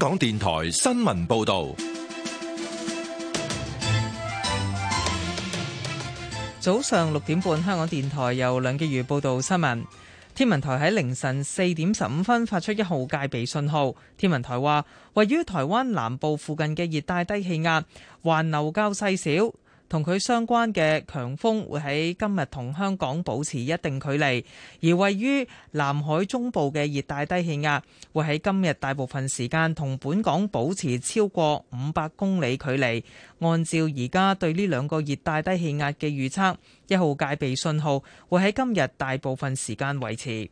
香港電台新聞報道，早上六點半，香港電台由梁潔如報道新聞。天文台喺凌晨四點十五分發出一號戒備信號。天文台話，位於台灣南部附近嘅熱帶低氣壓環流較細小。同佢相關嘅強風會喺今日同香港保持一定距離，而位於南海中部嘅熱帶低氣壓會喺今日大部分時間同本港保持超過五百公里距離。按照而家對呢兩個熱帶低氣壓嘅預測，一號戒備信號會喺今日大部分時間維持。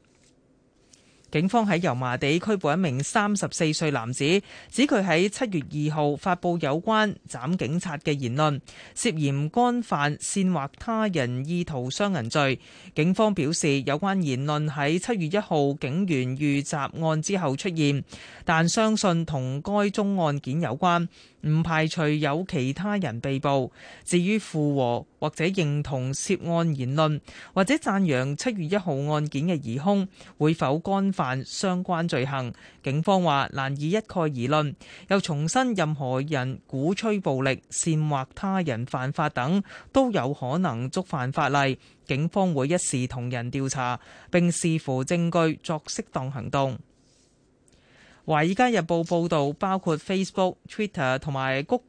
警方喺油麻地拘捕一名三十四歲男子，指佢喺七月二號發布有關斬警察嘅言論，涉嫌干犯煽惑他人意圖傷人罪。警方表示，有關言論喺七月一號警員遇襲案之後出現，但相信同該宗案件有關。唔排除有其他人被捕。至於附和或者認同涉案言論，或者讚揚七月一號案件嘅疑兇，會否干犯相關罪行？警方話難以一概而論。又重申任何人鼓吹暴力、煽惑他人犯法等都有可能觸犯法例，警方會一視同仁調查，並視乎證據作適當行動。《華爾街日報》報導，包括 Facebook、Twitter 同埋谷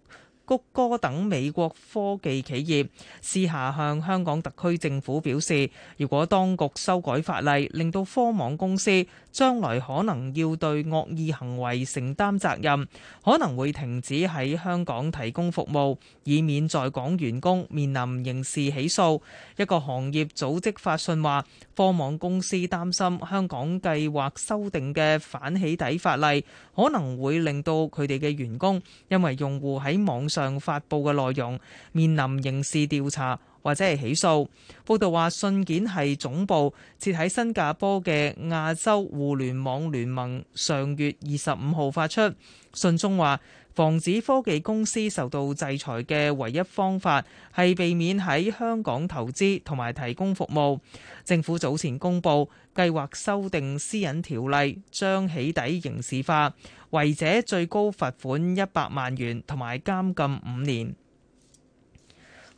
谷歌等美國科技企業，私下向香港特區政府表示，如果當局修改法例，令到科網公司，將來可能要對惡意行為承擔責任，可能會停止喺香港提供服務，以免在港員工面臨刑事起訴。一個行業組織發信話，科網公司擔心香港計劃修訂嘅反起底法例可能會令到佢哋嘅員工，因為用戶喺網上發布嘅內容，面臨刑事調查。或者係起訴。報道話信件係總部設喺新加坡嘅亞洲互聯網聯盟上月二十五號發出，信中話防止科技公司受到制裁嘅唯一方法係避免喺香港投資同埋提供服務。政府早前公布計劃修訂私隱條例，將起底刑事化，違者最高罰款一百萬元，同埋監禁五年。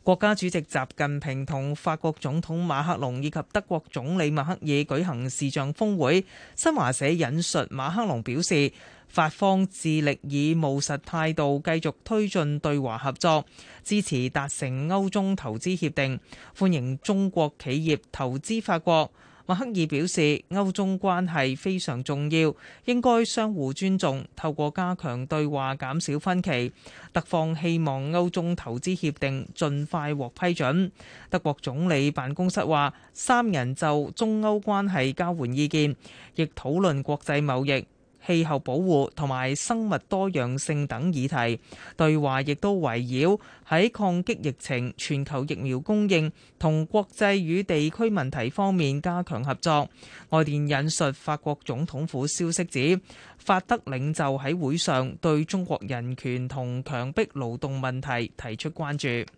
國家主席習近平同法國總統馬克龍以及德國總理默克爾舉行視像峰會。新華社引述馬克龍表示，法方致力以務實態度繼續推進對華合作，支持達成歐中投資協定，歡迎中國企業投資法國。默克爾表示，歐中關係非常重要，應該相互尊重，透過加強對話減少分歧。德方希望歐中投資協定盡快獲批准。德國總理辦公室話三人就中歐關係交換意見，亦討論國際貿易。氣候保護同埋生物多樣性等議題對話，亦都圍繞喺抗擊疫情、全球疫苗供應同國際與地區問題方面加強合作。外電引述法國總統府消息指，法德領袖喺會上對中國人權同強迫勞動問題提出關注。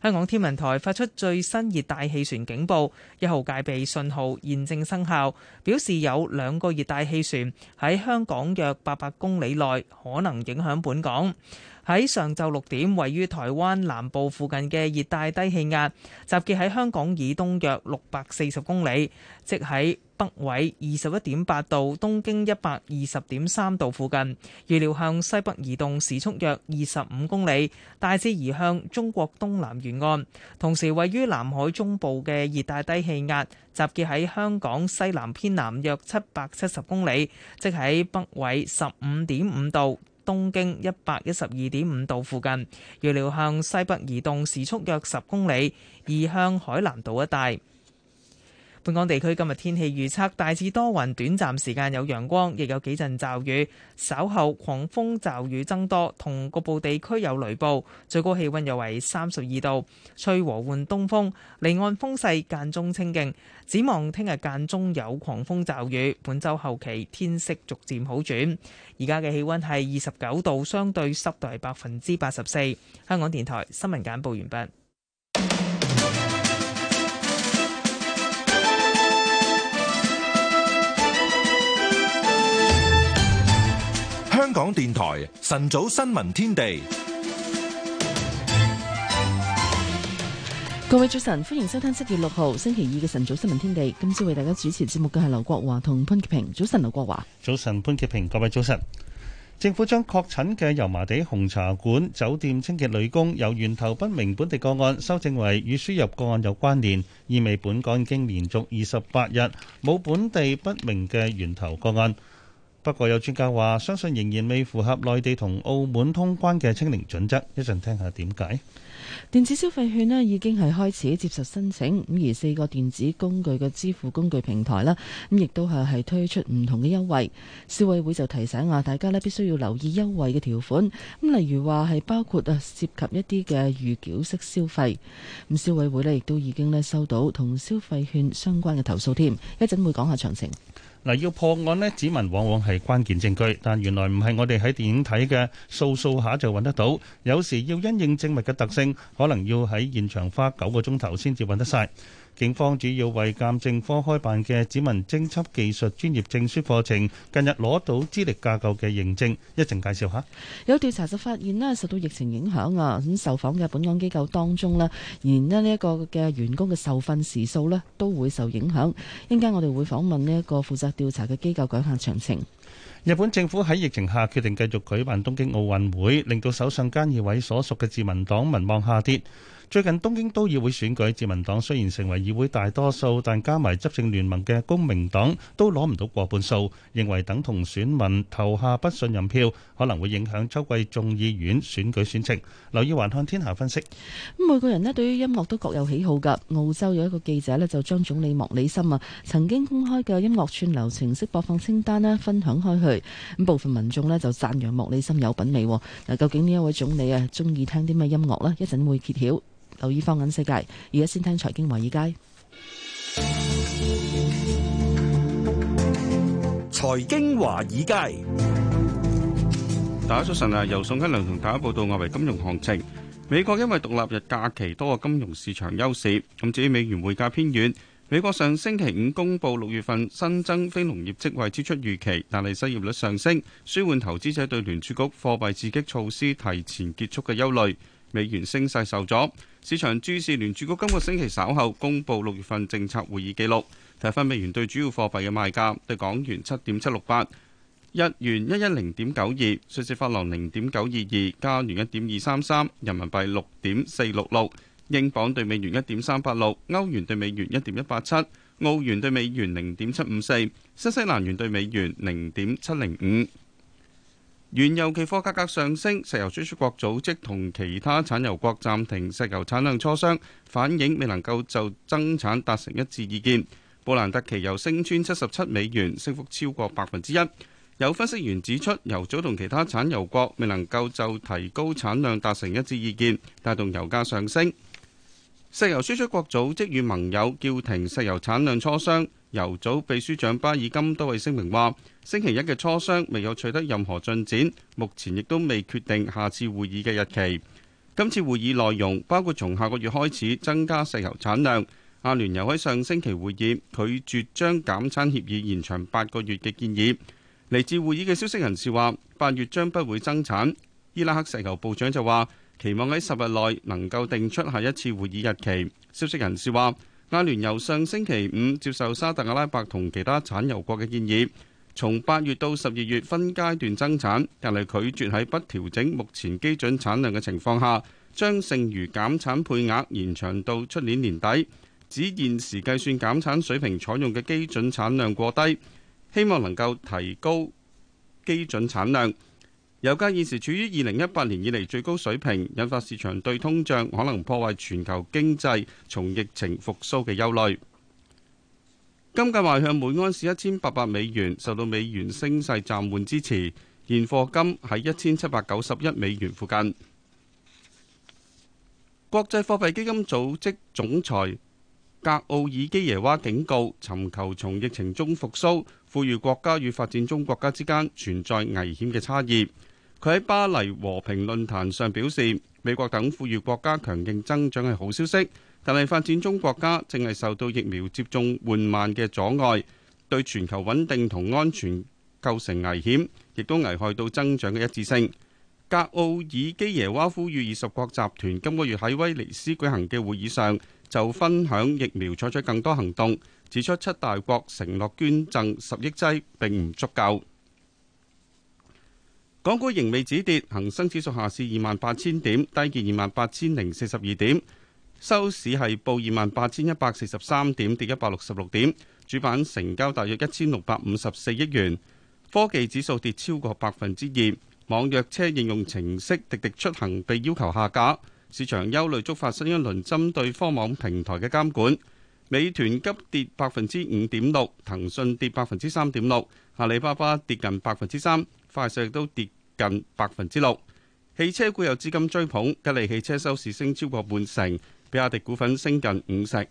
香港天文台發出最新熱帶氣旋警報，一號戒備信號現正生效，表示有兩個熱帶氣旋喺香港約八百公里內可能影響本港。喺上晝六點，位於台灣南部附近嘅熱帶低氣壓集結喺香港以東約六百四十公里，即喺北緯二十一點八度，東經一百二十點三度附近，預料向西北移動，時速約二十五公里，大致移向中國東南沿岸。同時，位於南海中部嘅熱帶低氣壓集結喺香港西南偏南約七百七十公里，即喺北緯十五點五度，東經一百一十二點五度附近，預料向西北移動，時速約十公里，移向海南島一帶。本港地區今日天，天氣預測大致多雲，短暫時間有陽光，亦有幾陣驟雨。稍後狂風驟雨增多，同局部地區有雷暴。最高氣溫約為三十二度，吹和緩東風，離岸風勢間中清勁。展望聽日間中有狂風驟雨，本週後期天色逐漸好轉。而家嘅氣溫係二十九度，相對濕度係百分之八十四。香港電台新聞簡報完畢。香港電台晨早新聞天地，各位早晨，歡迎收聽七月六號星期二嘅晨早新聞天地。今朝為大家主持節目嘅係劉國華同潘潔平。早晨，劉國華。早晨，潘潔平。各位早晨。政府將確診嘅油麻地紅茶館酒店清潔女工由源頭不明本地個案，修正為與輸入個案有關聯，意味本港已經連續二十八日冇本地不明嘅源頭個案。不過有專家話，相信仍然未符合內地同澳門通關嘅清零準則。一陣聽下點解？電子消費券呢已經係開始接受申請，咁而四個電子工具嘅支付工具平台啦，咁亦都係係推出唔同嘅優惠。消委會就提醒啊，大家呢必須要留意優惠嘅條款，咁例如話係包括啊涉及一啲嘅預繳式消費。咁消委會咧亦都已經咧收到同消費券相關嘅投訴添，講一陣會講下詳情。嗱，要破案呢，指紋往往係關鍵證據，但原來唔係我哋喺電影睇嘅掃掃下就揾得到，有時要因應證物嘅特性，可能要喺現場花九個鐘頭先至揾得晒。警方主要為鑑證科開辦嘅指紋偵測技術專業證書課程，近日攞到資歷架構嘅認證，一陣介紹下。有調查就發現呢，受到疫情影響啊，咁受訪嘅本港機構當中呢，而呢呢一個嘅員工嘅受訓時數呢都會受影響。一陣間我哋會訪問呢一個負責調查嘅機構講下詳情。日本政府喺疫情下決定繼續舉辦東京奧運會，令到首相菅義偉所屬嘅自民黨民望下跌。最近東京都議會選舉，自民黨雖然成為議會大多數，但加埋執政聯盟嘅公明黨都攞唔到過半數，認為等同選民投下不信任票，可能會影響秋季眾議院選舉選情。留意環看天下分析。每個人咧對於音樂都各有喜好㗎。澳洲有一個記者咧就將總理莫里森啊曾經公開嘅音樂串流程式播放清單咧分享開去，咁部分民眾咧就讚揚莫里森有品味。嗱，究竟呢一位總理啊中意聽啲咩音樂呢？一陣會揭曉。留意《放眼世界》，而家先聽《財經華爾街》。財經華爾街，大家早晨啊！由宋欣良同大家報道外圍金融行情。美國因為獨立日假期，多個金融市場休市。咁至於美元匯價偏軟，美國上星期五公佈六月份新增非農業職位超出預期，但係失業率上升，舒緩投資者對聯儲局貨幣刺激措施提前結束嘅憂慮，美元升勢受阻。市場注視聯儲局今個星期稍後公布六月份政策會議記錄。睇返美元對主要貨幣嘅賣價：對港元七點七六八，日元一一零點九二，瑞士法郎零點九二二，加元一點二三三，人民幣六點四六六，英鎊對美元一點三八六，歐元對美元一點一八七，澳元對美元零點七五四，新西蘭元對美元零點七零五。原油期貨價格上升，石油輸出國組織同其他產油國暫停石油產量磋商，反映未能夠就增產達成一致意見。布蘭特期油升穿七十七美元，升幅超過百分之一。有分析員指出，油組同其他產油國未能夠就提高產量達成一致意見，帶動油價上升。石油輸出國組織與盟友叫停石油產量磋商，油組秘書長巴爾金都為聲明話：星期一嘅磋商未有取得任何進展，目前亦都未決定下次會議嘅日期。今次會議內容包括從下個月開始增加石油產量。阿聯酋喺上星期會議拒絕將減產協議延長八個月嘅建議。嚟自會議嘅消息人士話：八月將不會增產。伊拉克石油部長就話，期望喺十日內能夠定出下一次會議日期。消息人士話，阿聯酋上星期五接受沙特阿拉伯同其他產油國嘅建議，從八月到十二月分階段增產，但係拒絕喺不調整目前基準產量嘅情況下，將剩餘減產配額延長到出年年底。指現時計算減產水平採用嘅基準產量過低，希望能夠提高基準產量。油價現時處於二零一八年以嚟最高水平，引發市場對通脹可能破壞全球經濟從疫情復蘇嘅憂慮。金價邁向每盎司一千八百美元，受到美元升勢暫緩支持。現貨金喺一千七百九十一美元附近。國際貨幣基金組織總裁格奧爾基耶娃警告，尋求從疫情中復蘇，富裕國家與發展中國家之間存在危險嘅差異。佢喺巴黎和平論壇上表示，美國等富裕國家強勁增長係好消息，但係發展中國家正係受到疫苗接種緩慢嘅阻礙，對全球穩定同安全構成危險，亦都危害到增長嘅一致性。格奧爾基耶娃呼籲二十國集團今個月喺威尼斯舉行嘅會議上，就分享疫苗採取更多行動，指出七大國承諾捐贈十億劑並唔足夠。港股仍未止跌，恒生指數下市二萬八千點，低至二萬八千零四十二點，收市係報二萬八千一百四十三點，跌一百六十六點，主板成交大約一千六百五十四億元。科技指數跌超過百分之二，網約車應用程式滴滴出行被要求下架，市場憂慮觸發新一輪針對科網平台嘅監管。美團急跌百分之五點六，騰訊跌百分之三點六，阿里巴巴跌近百分之三，快手亦都跌。近百分之六，汽車股有資金追捧，吉利汽車收市升超過半成，比亞迪股份升近五成。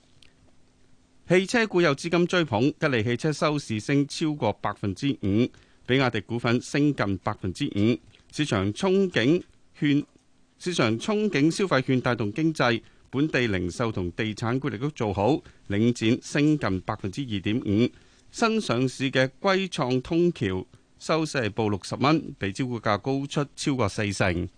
汽車股有資金追捧，吉利汽車收市升超過百分之五，比亞迪股份升近百分之五。市場憧憬券，市場憧憬消費券帶動經濟，本地零售同地產股力都做好，領展升近百分之二點五，新上市嘅歸創通橋。收市係報六十蚊，比招股價高出超過四成。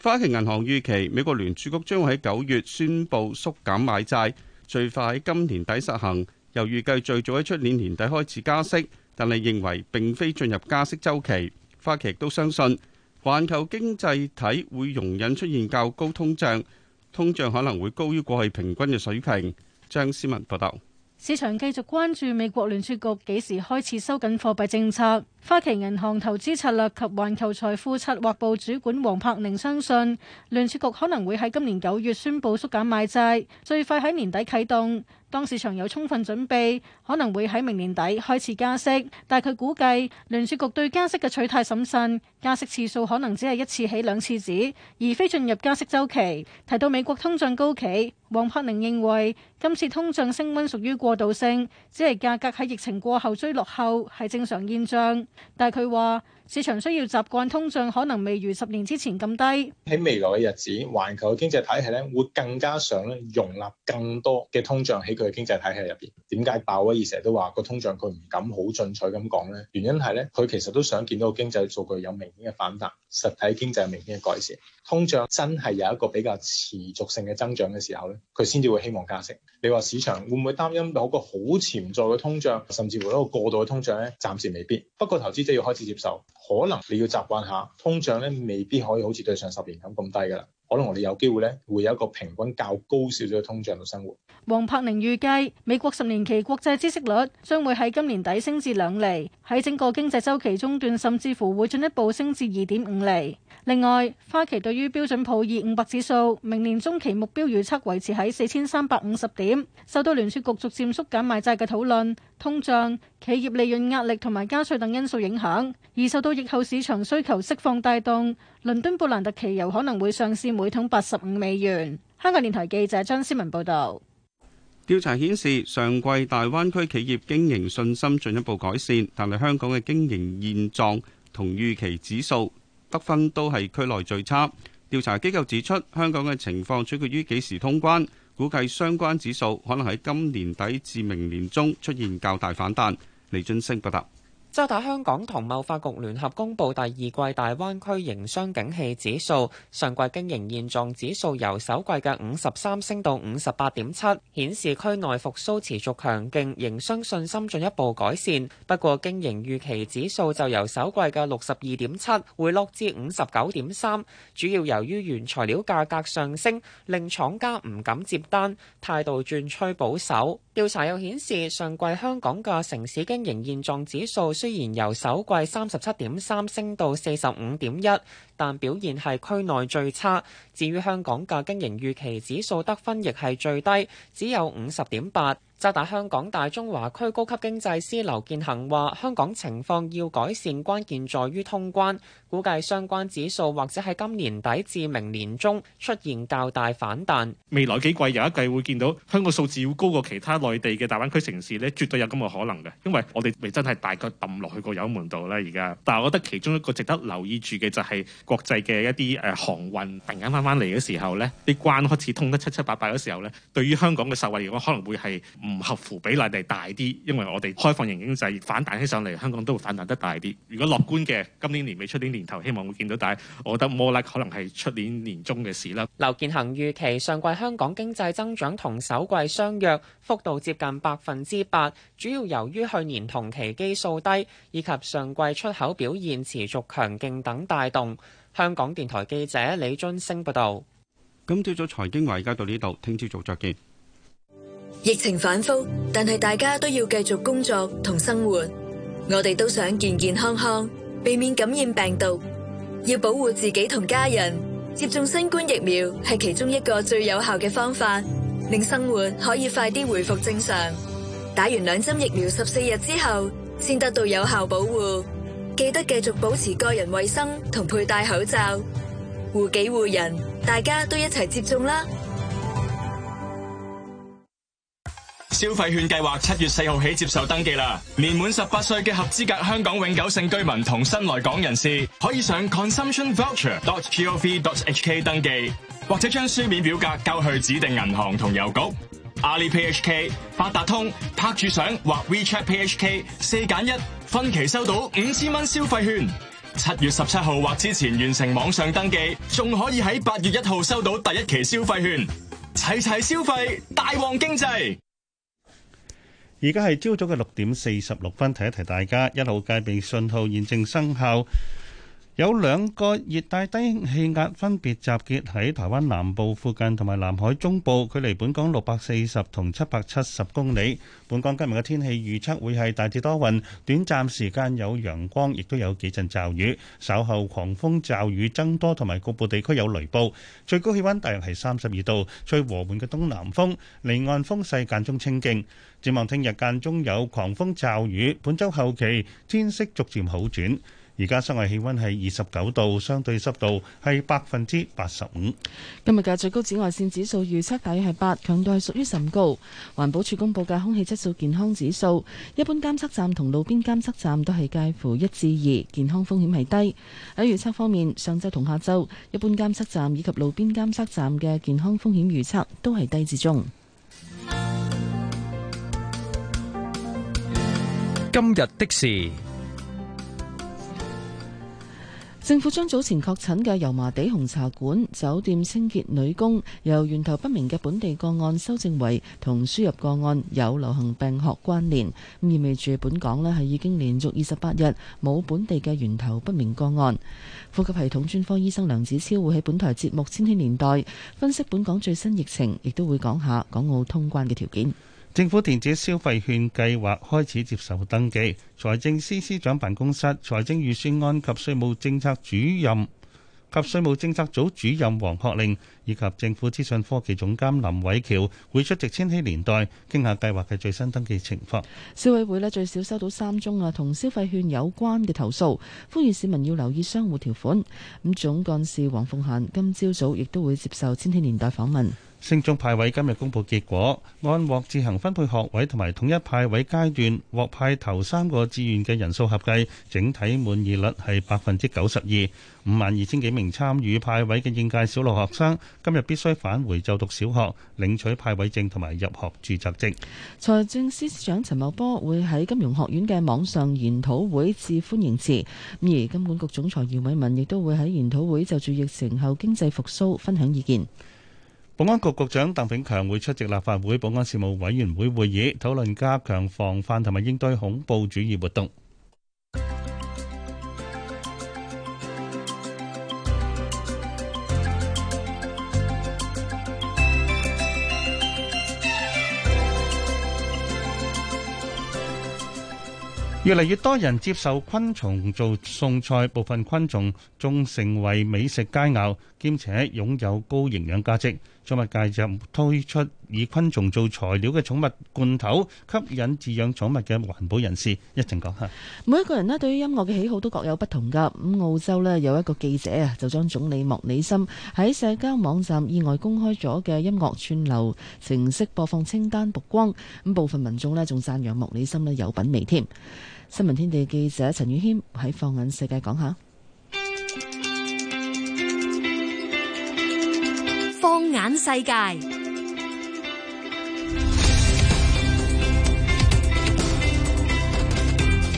花旗銀行預期美國聯儲局將會喺九月宣布縮減買債，最快喺今年底實行，又預計最早喺出年年底開始加息，但係認為並非進入加息週期。花旗亦都相信環球經濟體會容忍出現較高通脹，通脹可能會高於過去平均嘅水平。張思文報道。市場繼續關注美國聯儲局幾時開始收緊貨幣政策。花旗銀行投資策略及環球財富策劃部主管黃柏寧相信，聯儲局可能會喺今年九月宣布縮減買債，最快喺年底啟動。當市場有充分準備，可能會喺明年底開始加息。但佢估計聯儲局對加息嘅取態審慎，加息次數可能只係一次起兩次止，而非進入加息周期。提到美國通脹高企，黃柏寧認為今次通脹升溫屬於過渡性，只係價格喺疫情過後追落後係正常現象。但係佢話，市場需要習慣通脹可能未如十年之前咁低。喺未來嘅日子，環球嘅經濟體系咧會更加想咧容納更多嘅通脹喺佢嘅經濟體系入面。點解鮑威爾成日都話個通脹佢唔敢好進取咁講呢？原因係咧，佢其實都想見到經濟數據有明顯嘅反彈，實體經濟有明顯嘅改善。通脹真係有一個比較持續性嘅增長嘅時候咧，佢先至會希望加息。你話市場會唔會擔憂有個好潛在嘅通脹，甚至乎一個過度嘅通脹咧？暫時未必。不過投資者要開始接受。可能你要習慣下，通脹咧未必可以好似對上十年咁咁低噶啦。可能我哋有機會咧，會有一個平均較高少少嘅通脹嘅生活。黃柏寧預計美國十年期國債孳息率將會喺今年底升至兩釐，喺整個經濟週期中段甚至乎會進一步升至二點五釐。另外，花旗對於標準普爾五百指數明年中期目標預測維持喺四千三百五十點，受到聯儲局逐漸縮減買債嘅討論。通脹、企業利潤壓力同埋加稅等因素影響，而受到疫後市場需求釋放帶動，倫敦布蘭特期油可能會上市每桶八十五美元。香港電台記者張思文報導。調查顯示，上季大灣區企業經營信心進一步改善，但係香港嘅經營現狀同預期指數得分都係區內最差。調查機構指出，香港嘅情況取決於幾時通關。估計相關指數可能喺今年底至明年中出現較大反彈。李俊升報道。渣打香港同貿發局聯合公布第二季大灣區營商景氣指數，上季經營現狀指數由首季嘅五十三升到五十八點七，顯示區內復甦持續強勁，營商信心進一步改善。不過經營預期指數就由首季嘅六十二點七回落至五十九點三，主要由於原材料價格上升，令廠家唔敢接單，態度轉趨保守。調查又顯示，上季香港嘅城市經營現狀指數。雖然由首季三十七點三升到四十五點一。但表現係區內最差。至於香港嘅經營預期指數得分亦係最低，只有五十點八。渣打香港大中華區高級經濟師劉建恒話：香港情況要改善，關鍵在於通關。估計相關指數或者喺今年底至明年中出現較大反彈。未來幾季有一季會見到香港數字要高過其他內地嘅大灣區城市呢，絕對有咁嘅可能嘅。因為我哋未真係大腳抌落去個油門度啦。而家。但我覺得其中一個值得留意住嘅就係、是。國際嘅一啲航運突然間翻翻嚟嘅時候呢，啲關開始通得七七八八嘅時候呢，對於香港嘅受惠嚟講，可能會係唔合乎比例地大啲，因為我哋開放型經濟反彈起上嚟，香港都會反彈得大啲。如果樂觀嘅，今年年尾出啲年頭，希望會見到大。我覺得 m、like、可能係出年年中嘅事啦。劉建行預期上季香港經濟增長同首季相約，幅度接近百分之八，主要由於去年同期基數低，以及上季出口表現持續強勁等帶動。香港電台記者李俊升報道。今朝早財經話而家到呢度，聽朝早再見。疫情反覆，但係大家都要繼續工作同生活，我哋都想健健康康，避免感染病毒，要保護自己同家人。接種新冠疫苗係其中一個最有效嘅方法，令生活可以快啲回復正常。打完兩針疫苗十四日之後，先得到有效保護。記得繼續保持個人衛生同佩戴口罩，護己護人，大家都一齊接種啦！消費券計劃七月四號起接受登記啦，年滿十八歲嘅合資格香港永久性居民同新來港人士，可以上 consumptionvoucher.gov.hk 登記，或者將書面表格交去指定銀行同郵局。阿里 Pay HK、八達通拍住賞或 WeChat Pay HK 四揀一分期收到五千蚊消費券，七月十七號或之前完成網上登記，仲可以喺八月一號收到第一期消費券，齊齊消費大旺經濟。而家係朝早嘅六點四十六分，提一提大家一號戒備信號現正生效。有兩個熱帶低氣壓分別集結喺台灣南部附近同埋南海中部，距離本港六百四十同七百七十公里。本港今日嘅天氣預測會係大致多雲，短暫時間有陽光，亦都有幾陣驟雨。稍後狂風驟雨增多，同埋局部地區有雷暴。最高氣溫大約係三十二度，吹和緩嘅東南風，離岸風勢間中清勁。展望聽日間中有狂風驟雨，本周後期天色逐漸好轉。而家室外氣溫係二十九度，相對濕度係百分之八十五。今日嘅最高紫外線指數預測大約係八，強度係屬於甚高。環保署公佈嘅空氣質素健康指數，一般監測站同路邊監測站都係介乎一至二，健康風險係低。喺預測方面，上週同下週，一般監測站以及路邊監測站嘅健康風險預測都係低至中。今日的事。政府將早前確診嘅油麻地紅茶館酒店清潔女工由源頭不明嘅本地個案修正為同輸入個案有流行病學關聯，意味住本港咧係已經連續二十八日冇本地嘅源頭不明個案。呼吸系統專科醫生梁子超會喺本台節目《千禧年代》分析本港最新疫情，亦都會講下港澳通關嘅條件。政府電子消費券計劃開始接受登記，財政司司長辦公室、財政預算案及稅務政策主任及稅務政策組主任黃學令以及政府資訊科技總監林偉喬會出席千禧年代，傾下計劃嘅最新登記情況。消委會呢，最少收到三宗啊，同消費券有關嘅投訴，呼籲市民要留意商戶條款。咁總幹事黃鳳嫻今朝早亦都會接受千禧年代訪問。升中派位今日公佈結果，按獲自行分配學位和同埋統一派位階段獲派頭三個志願嘅人數合計，整體滿意率係百分之九十二。五萬二千幾名參與派位嘅應屆小六學生今日必須返回就讀小學領取派位證同埋入學註冊證。財政司司長陳茂波會喺金融學院嘅網上研討會致歡迎詞，而金管局總裁姚偉文亦都會喺研討會就住疫情後經濟復甦分享意見。保安局局長鄧炳強會出席立法會保安事務委員會會議，討論加強防範同埋應對恐怖主義活動。越嚟越多人接受昆蟲做餸菜，部分昆蟲仲成為美食佳肴。兼且擁有高營養價值，寵物界就推出以昆蟲做材料嘅寵物罐頭，吸引飼養寵物嘅環保人士，一陣講下。每一個人咧對於音樂嘅喜好都各有不同㗎。咁澳洲咧有一個記者啊，就將總理莫里森喺社交網站意外公開咗嘅音樂串流程式播放清單曝光。咁部分民眾咧仲讚揚莫里森咧有品味添。新聞天地記者陳宇軒喺放眼世界講下。世界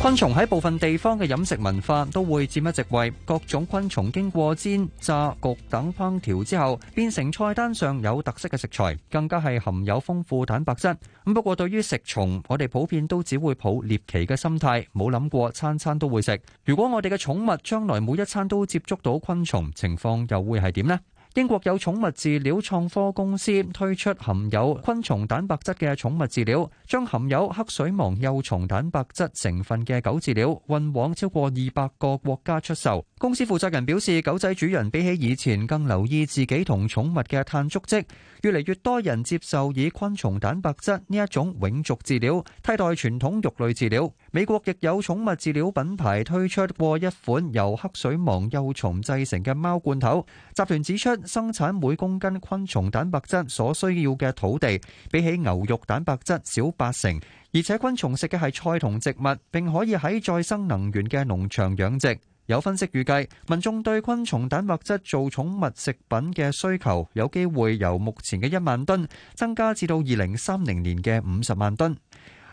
昆蟲喺部分地方嘅飲食文化都會佔一席位，各種昆蟲經過煎、炸、焗等烹調之後，變成菜單上有特色嘅食材，更加係含有豐富蛋白質。咁不過，對於食蟲，我哋普遍都只會抱獵奇嘅心態，冇諗過餐餐都會食。如果我哋嘅寵物將來每一餐都接觸到昆蟲，情況又會係點呢？英國有寵物飼料創科公司推出含有昆蟲蛋白質嘅寵物飼料，將含有黑水虻幼蟲蛋白質成分嘅狗飼料運往超過二百個國家出售。公司負責人表示，狗仔主人比起以前更留意自己同寵物嘅碳足跡。越嚟越多人接受以昆蟲蛋白質呢一種永續飼料，替代傳統肉類飼料。美國亦有寵物飼料品牌推出過一款由黑水虻幼蟲製成嘅貓罐頭。集團指出，生產每公斤昆蟲蛋白質所需要嘅土地，比起牛肉蛋白質少八成。而且昆蟲食嘅係菜同植物，並可以喺再生能源嘅農場養殖。有分析預計，民眾對昆蟲蛋白質做寵物食品嘅需求，有機會由目前嘅一萬噸增加至到二零三零年嘅五十萬噸。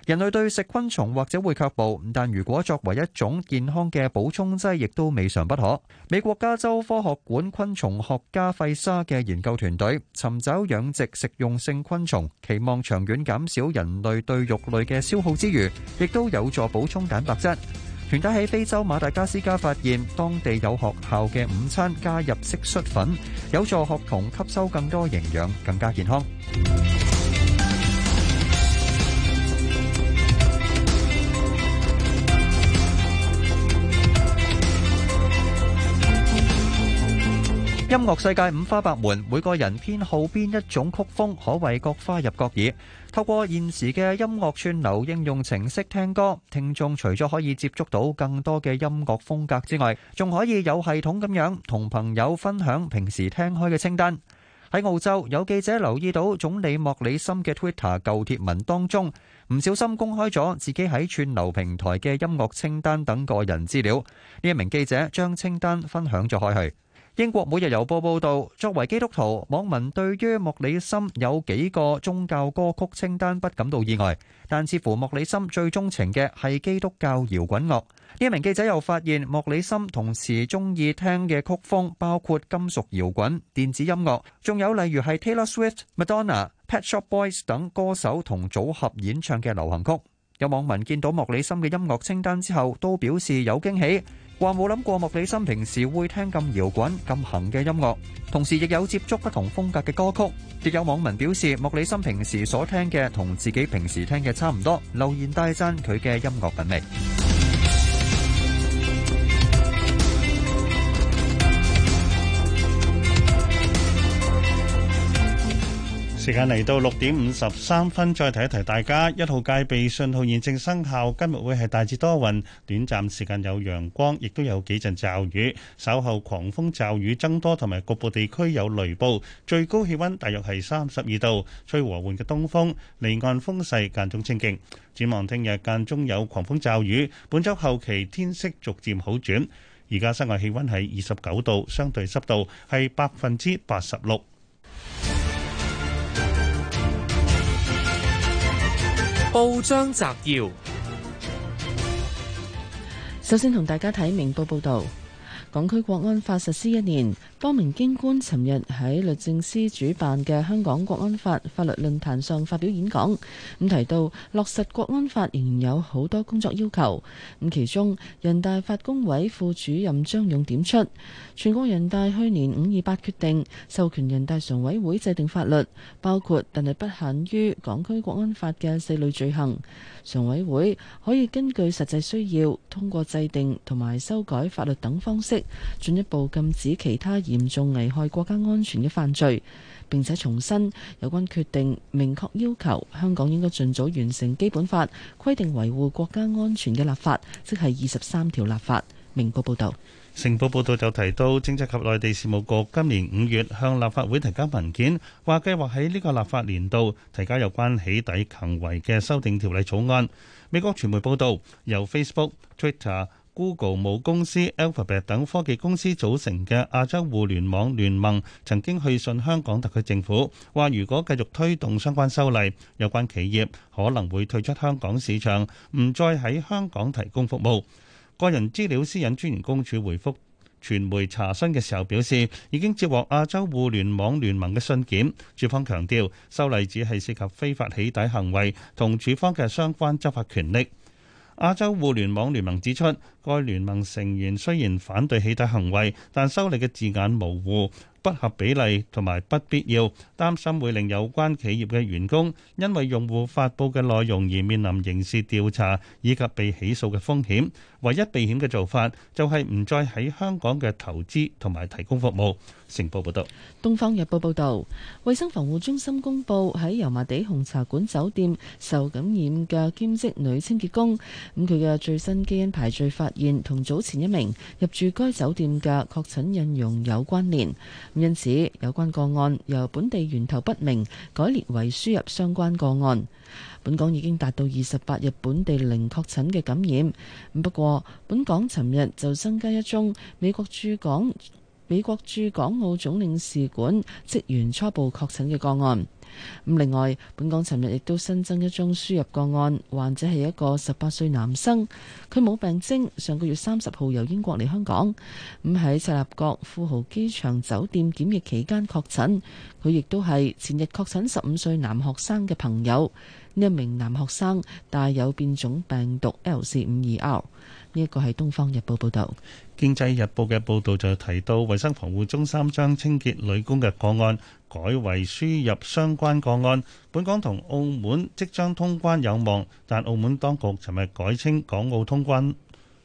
人類對食昆蟲或者會卻步，但如果作為一種健康嘅補充劑，亦都未嘗不可。美國加州科學館昆蟲學家費沙嘅研究團隊尋找養殖食用性昆蟲，期望長遠減少人類對肉類嘅消耗之餘，亦都有助補充蛋白質。團隊喺非洲馬達加斯加發現，當地有學校嘅午餐加入蟋蟀粉，有助學童吸收更多營養，更加健康。音樂世界五花八門，每個人偏好邊一種曲風，可謂各花入各耳。透過現時嘅音樂串流應用程式聽歌，聽眾除咗可以接觸到更多嘅音樂風格之外，仲可以有系統咁樣同朋友分享平時聽開嘅清單。喺澳洲有記者留意到總理莫里森嘅 Twitter 舊貼文當中，唔小心公開咗自己喺串流平台嘅音樂清單等個人資料。呢一名記者將清單分享咗開去。英國每日郵報報道，作為基督徒，網民對於莫里森有幾個宗教歌曲清單不感到意外，但似乎莫里森最鍾情嘅係基督教搖滾樂。呢名記者又發現，莫里森同時中意聽嘅曲風包括金屬搖滾、電子音樂，仲有例如係 Taylor Swift、Madonna、Pet Shop Boys 等歌手同組合演唱嘅流行曲。有網民見到莫里森嘅音樂清單之後，都表示有驚喜。話冇諗過莫里森平時會聽咁搖滾咁行嘅音樂，同時亦有接觸不同風格嘅歌曲。亦有網民表示，莫里森平時所聽嘅同自己平時聽嘅差唔多，留言大讚佢嘅音樂品味。時間嚟到六點五十三分，再提一提大家一號戒備信號現正生效。今日會係大致多雲，短暫時間有陽光，亦都有幾陣驟雨。稍後狂風驟雨增多，同埋局部地區有雷暴。最高氣溫大約係三十二度，吹和緩嘅東風，離岸風勢間中清勁。展望聽日間中有狂風驟雨，本周後期天色逐漸好轉。而家室外氣溫係二十九度，相對濕度係百分之八十六。報章摘要，首先同大家睇明報報道，港區國安法實施一年。多名京官尋日喺律政司主辦嘅香港國安法法律論壇上發表演講，咁提到落實國安法仍然有好多工作要求。咁其中人大法工委副主任張勇點出，全國人大去年五二八決定授權人大常委會制定法律，包括但係不限於港區國安法嘅四類罪行。常委會可以根據實際需要，通過制定同埋修改法律等方式，進一步禁止其他。嚴重危害國家安全嘅犯罪，並且重申有關決定，明確要求香港應該盡早完成基本法規定維護國家安全嘅立法，即係二十三條立法。明報報道，成報報道就提到，政制及內地事務局今年五月向立法會提交文件，話計劃喺呢個立法年度提交有關起底行為嘅修訂條例草案。美國傳媒報道，由 Facebook、Twitter、Google、母公司 Alphabet 等科技公司組成嘅亞洲互聯網聯盟曾經去信香港特區政府，話如果繼續推動相關修例，有關企業可能會退出香港市場，唔再喺香港提供服務。個人資料私隱專員公署回復傳媒查詢嘅時候表示，已經接獲亞洲互聯網聯盟嘅信件，署方強調修例只係涉及非法起底行為同署方嘅相關執法權力。亞洲互聯網聯盟指出，該聯盟成員雖然反對起底行為，但修例嘅字眼模糊、不合比例同埋不必要，擔心會令有關企業嘅員工因為用戶發布嘅內容而面臨刑事調查以及被起訴嘅風險。唯一避險嘅做法就係唔再喺香港嘅投資同埋提供服務。成報報導，《東方日報》報道，衛生防護中心公布喺油麻地紅茶館酒店受感染嘅兼職女清潔工，咁佢嘅最新基因排序發現同早前一名入住該酒店嘅確診印傭有關聯。因此有關個案由本地源頭不明改列為輸入相關個案。本港已經達到二十八日本地零確診嘅感染，不過，本港尋日就增加一宗美國駐港。美國駐港澳總領事館職員初步確診嘅個案。咁另外，本港尋日亦都新增一宗輸入個案，患者係一個十八歲男生，佢冇病徵，上個月三十號由英國嚟香港，咁喺赤鱲角富豪機場酒店檢疫期間確診。佢亦都係前日確診十五歲男學生嘅朋友。呢一名男學生帶有變種病毒 L 四五二 R。呢個係《東方日報》報導，《經濟日報》嘅報導就提到，衞生防護中心將清潔女工嘅個案改為輸入相關個案。本港同澳門即將通關有望，但澳門當局尋日改稱港澳通關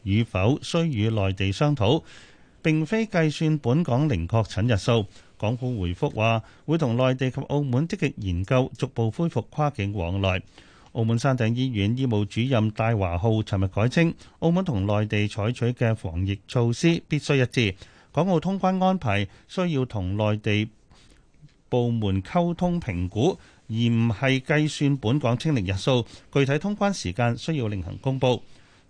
與否需與內地商討，並非計算本港零確診日數。港府回覆話，會同內地及澳門積極研究，逐步恢復跨境往來。澳門山頂醫院醫務主任戴華浩尋日改稱，澳門同內地採取嘅防疫措施必須一致，港澳通關安排需要同內地部門溝通評估，而唔係計算本港清零日數，具體通關時間需要另行公布。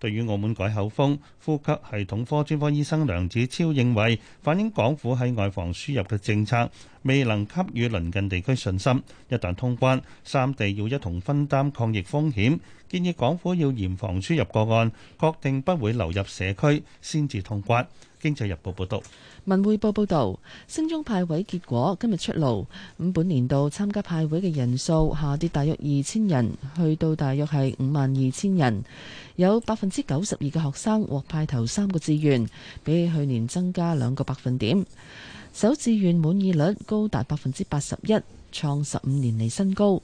對於澳門改口風，呼吸系統科專科醫生梁子超認為，反映港府喺外防輸入嘅政策未能給予鄰近地區信心。一旦通關，三地要一同分擔抗疫風險，建議港府要嚴防輸入個案，確定不會流入社區先至通關。經濟日報報導。文匯報報道，升中派位結果今日出爐。咁本年度參加派位嘅人數下跌大約二千人，去到大約係五萬二千人。有百分之九十二嘅學生獲派頭三個志願，比去年增加兩個百分點。首志願滿意率高達百分之八十一。創十五年嚟新高。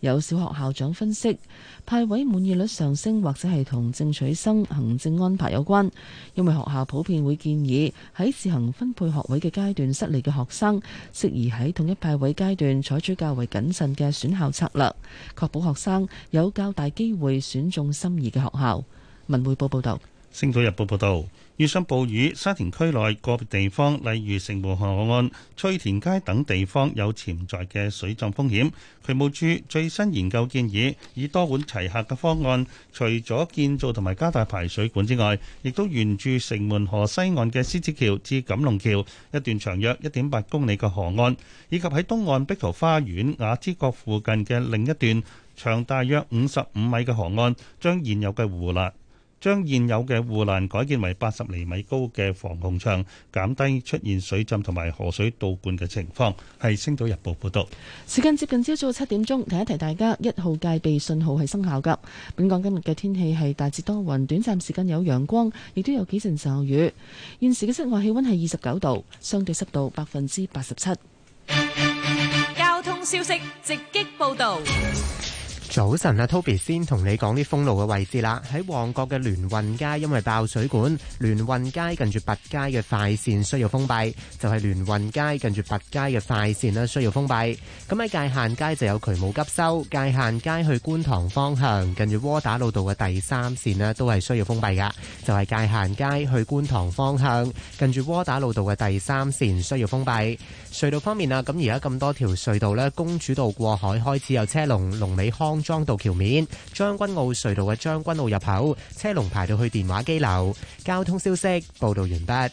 有小學校長分析，派位滿意率上升，或者係同正取生行政安排有關。因為學校普遍會建議喺自行分配學位嘅階段失利嘅學生，適宜喺統一派位階段採取較為謹慎嘅選校策略，確保學生有較大機會選中心儀嘅學校。文匯報報道。星島日報報道，遇上暴雨，沙田區內個別地方，例如城門河岸、翠田街等地方有潛在嘅水浸風險。渠務署最新研究建議，以多管齊下嘅方案，除咗建造同埋加大排水管之外，亦都沿住城門河西岸嘅獅子橋至錦龍橋一段長約一點八公里嘅河岸，以及喺東岸碧濤花園雅芝閣附近嘅另一段長大約五十五米嘅河岸，將現有嘅護欄。將現有嘅護欄改建為八十厘米高嘅防洪牆，減低出現水浸同埋河水倒灌嘅情況。係《星島日報》報道。時間接近朝早七點鐘，提一提大家一號戒備信號係生效噶本港今日嘅天氣係大致多雲，短暫時間有陽光，亦都有幾陣驟雨。現時嘅室外氣溫係二十九度，相對濕度百分之八十七。交通消息直擊報道。早晨啊，Toby 先同你講啲封路嘅位置啦。喺旺角嘅聯運街，因為爆水管，聯運街近住拔街嘅快線需要封閉，就係聯運街近住拔街嘅快線咧需要封閉。咁喺界限街就有渠務急修，界限街去觀塘方向近住窩打老道嘅第三線咧都係需要封閉噶，就係界限街去觀塘方向近住窩打老道嘅第三線需要封閉。隧道方面啊，咁而家咁多條隧道咧，公主道過海開始有車龍，龍尾康莊道橋面，將軍澳隧道嘅將軍澳入口車龍排到去電話機樓。交通消息報道完畢。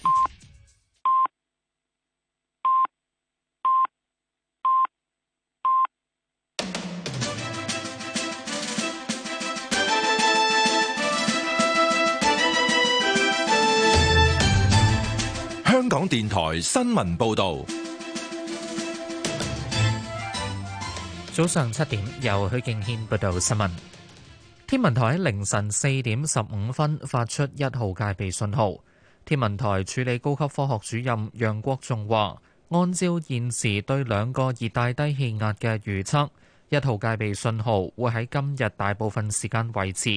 香港電台新聞報道。早上七點，由許敬軒報道新聞。天文台喺凌晨四點十五分發出一號戒備信號。天文台處理高級科學主任楊國仲話，按照現時對兩個熱帶低氣壓嘅預測，一號戒備信號會喺今日大部分時間維持。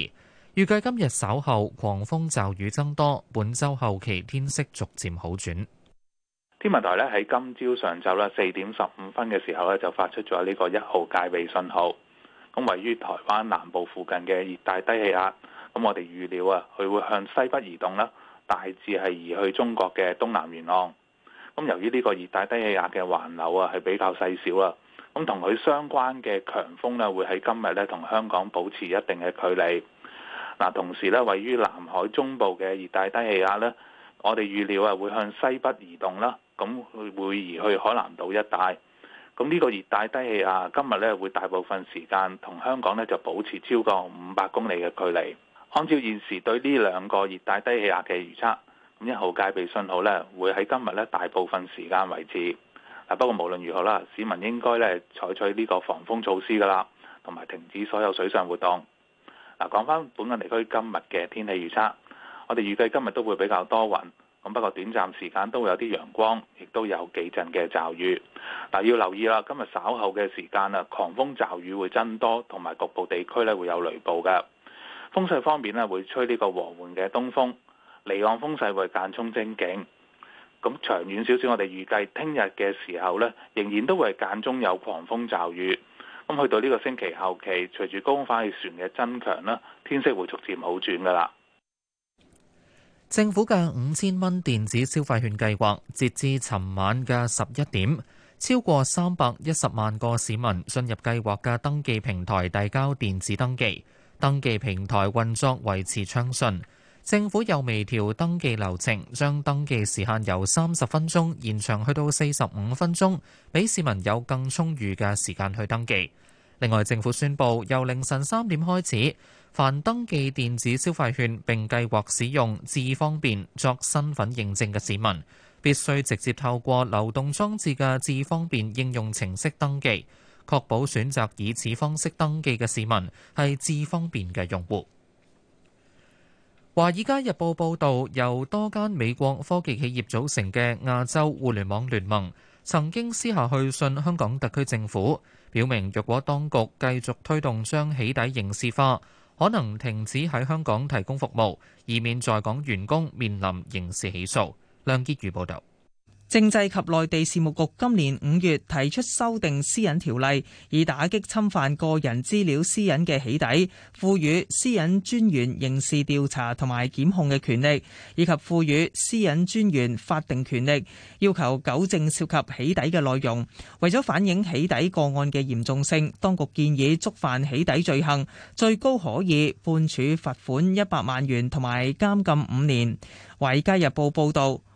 預計今日稍後狂風驟雨增多，本周後期天色逐漸好轉。天文台呢喺今朝上晝啦四點十五分嘅時候呢就發出咗呢個一號戒備信號。咁位於台灣南部附近嘅熱帶低氣壓，咁我哋預料啊佢會向西北移動啦，大致係移去中國嘅東南沿岸。咁由於呢個熱帶低氣壓嘅環流啊係比較細小啊，咁同佢相關嘅強風呢會喺今日呢同香港保持一定嘅距離。嗱，同時呢位於南海中部嘅熱帶低氣壓呢，我哋預料啊會向西北移動啦。咁會移去海南島一帶，咁呢個熱帶低氣壓今日咧，會大部分時間同香港咧，就保持超過五百公里嘅距離，按照現時對呢兩個熱帶低氣壓嘅預測，咁一號戒備信號咧，會喺今日咧，大部分時間維持。啊，不過無論如何啦，市民應該咧，採取呢個防風措施噶啦，同埋停止所有水上活動。嗱，講翻本港地區今日嘅天氣預測，我哋預計今日都會比較多雲。咁不過短暫時間都會有啲陽光，亦都有幾陣嘅驟雨。嗱，要留意啦，今日稍後嘅時間，狂風驟雨會增多，同埋局部地區呢會有雷暴嘅風勢方面，會吹呢個和緩嘅東風，離岸風勢會間中增勁。咁長遠少少，我哋預計聽日嘅時候咧，仍然都會間中有狂風驟雨。咁去到呢個星期後期，隨住高空反氣旋嘅增強，天色會逐漸好轉噶啦。政府嘅五千蚊電子消費券計劃，截至尋晚嘅十一點，超過三百一十萬個市民進入計劃嘅登記平台遞交電子登記。登記平台運作維持暢順。政府又微調登記流程，將登記時間由三十分鐘延長去到四十五分鐘，畀市民有更充裕嘅時間去登記。另外，政府宣布由凌晨三點開始。凡登記電子消費券並計劃使用智方便作身份認證嘅市民，必須直接透過流動裝置嘅智方便應用程式登記，確保選擇以此方式登記嘅市民係智方便嘅用戶。《華爾街日報》報導，由多間美國科技企業組成嘅亞洲互聯網聯盟曾經私下去信香港特區政府，表明若果當局繼續推動將起底刑事化。可能停止喺香港提供服務，以免在港員工面臨刑事起訴。梁潔如報道。政制及內地事務局今年五月提出修訂私隱條例，以打擊侵犯個人資料私隱嘅起底，賦予私隱專員刑事調查同埋檢控嘅權力，以及賦予私隱專員法定權力，要求糾正涉及起底嘅內容。為咗反映起底個案嘅嚴重性，當局建議觸犯起底罪行，最高可以判處罰款一百萬元同埋監禁五年。《華爾街日報》報道。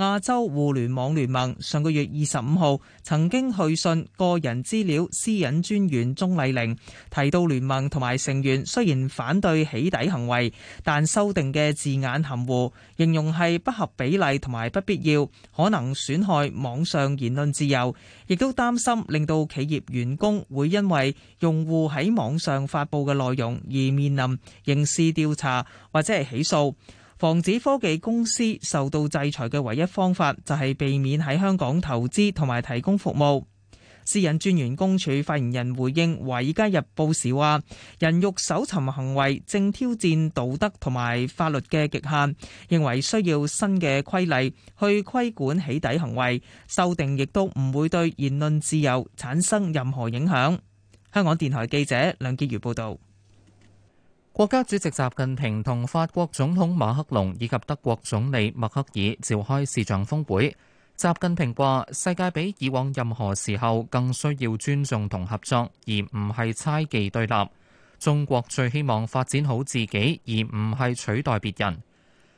亞洲互聯網聯盟上個月二十五號曾經去信個人資料私隱專員鍾麗玲，提到聯盟同埋成員雖然反對起底行為，但修訂嘅字眼含糊，形容係不合比例同埋不必要，可能損害網上言論自由，亦都擔心令到企業員工會因為用戶喺網上發佈嘅內容而面臨刑事調查或者係起訴。防止科技公司受到制裁嘅唯一方法就係避免喺香港投資同埋提供服務。私隱專員公署發言人回應華爾街日報時話，人肉搜尋行為正挑戰道德同埋法律嘅極限，認為需要新嘅規例，去規管起底行為修訂亦都唔會對言論自由產生任何影響，香港電台記者梁潔如報道。國家主席習近平同法國總統馬克龍以及德國總理默克爾召開視像峰會。習近平話：世界比以往任何時候更需要尊重同合作，而唔係猜忌對立。中國最希望發展好自己，而唔係取代別人。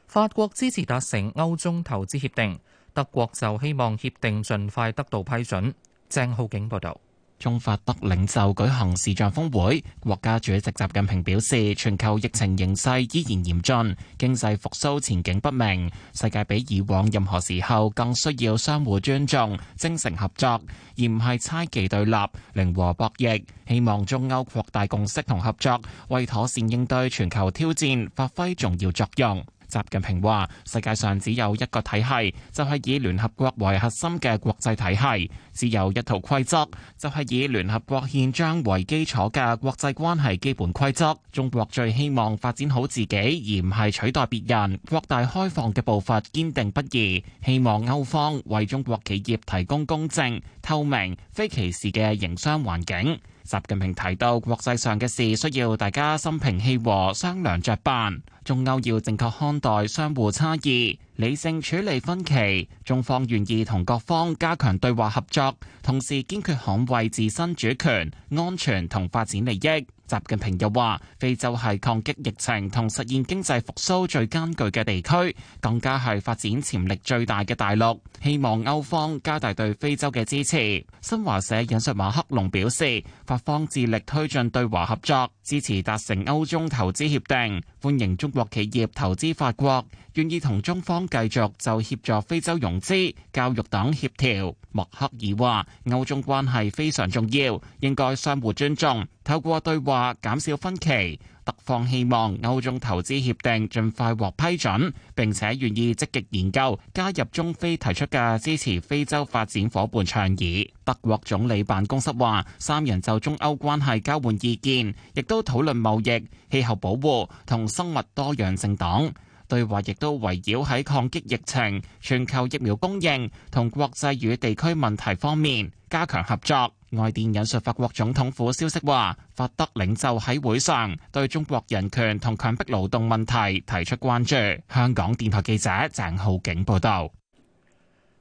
法國支持達成歐中投資協定，德國就希望協定盡快得到批准。鄭浩景報道。中法德領袖舉行視像峰會,國家主席習近平表示,全球疫情形勢依然嚴峻,經濟復甦前景不明,世界比以往任何時候更需要相互尊重,精誠合作,而唔係猜忌對立,零和博弈,希望中歐擴大共識同合作為妥善應對全球挑戰,發揮重要作用。習近平話：世界上只有一個體系，就係以聯合國為核心嘅國際體系；只有一套規則，就係以聯合國憲章為基礎嘅國際關係基本規則。中國最希望發展好自己，而唔係取代別人。擴大開放嘅步伐堅定不移，希望歐方為中國企業提供公正、透明、非歧視嘅營商環境。習近平提到，國際上嘅事需要大家心平氣和商量着辦，中歐要正確看待相互差異，理性處理分歧，中方願意同各方加強對話合作，同時堅決捍衛自身主權、安全同發展利益。習近平又話：非洲係抗擊疫情同實現經濟復蘇最艱巨嘅地區，更加係發展潛力最大嘅大陸。希望歐方加大對非洲嘅支持。新華社引述馬克龍表示，法方致力推進對華合作，支持達成歐中投資協定。歡迎中國企業投資法國，願意同中方繼續就協助非洲融資、教育等協調。默克爾話：歐中關係非常重要，應該相互尊重，透過對話減少分歧。德方希望歐中投資協定盡快獲批准，並且願意積極研究加入中非提出嘅支持非洲發展伙伴倡議。德國總理辦公室話，三人就中歐關係交換意見，亦都討論貿易、氣候保護同生物多樣性等。對話亦都圍繞喺抗擊疫情、全球疫苗供應同國際與地區問題方面加強合作。外電引述法國總統府消息話，法德領袖喺會上對中國人權同強迫勞動問題提出關注。香港電台記者鄭浩景報道。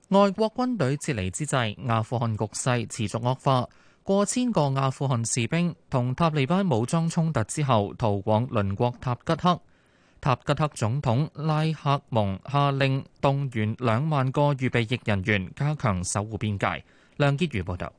外國軍隊撤離之際，阿富汗局勢持續惡化。過千個阿富汗士兵同塔利班武裝衝突之後，逃往鄰國塔吉克。塔吉克總統拉赫蒙下令動員兩萬個預備役人員加強守護邊界。梁潔如報道。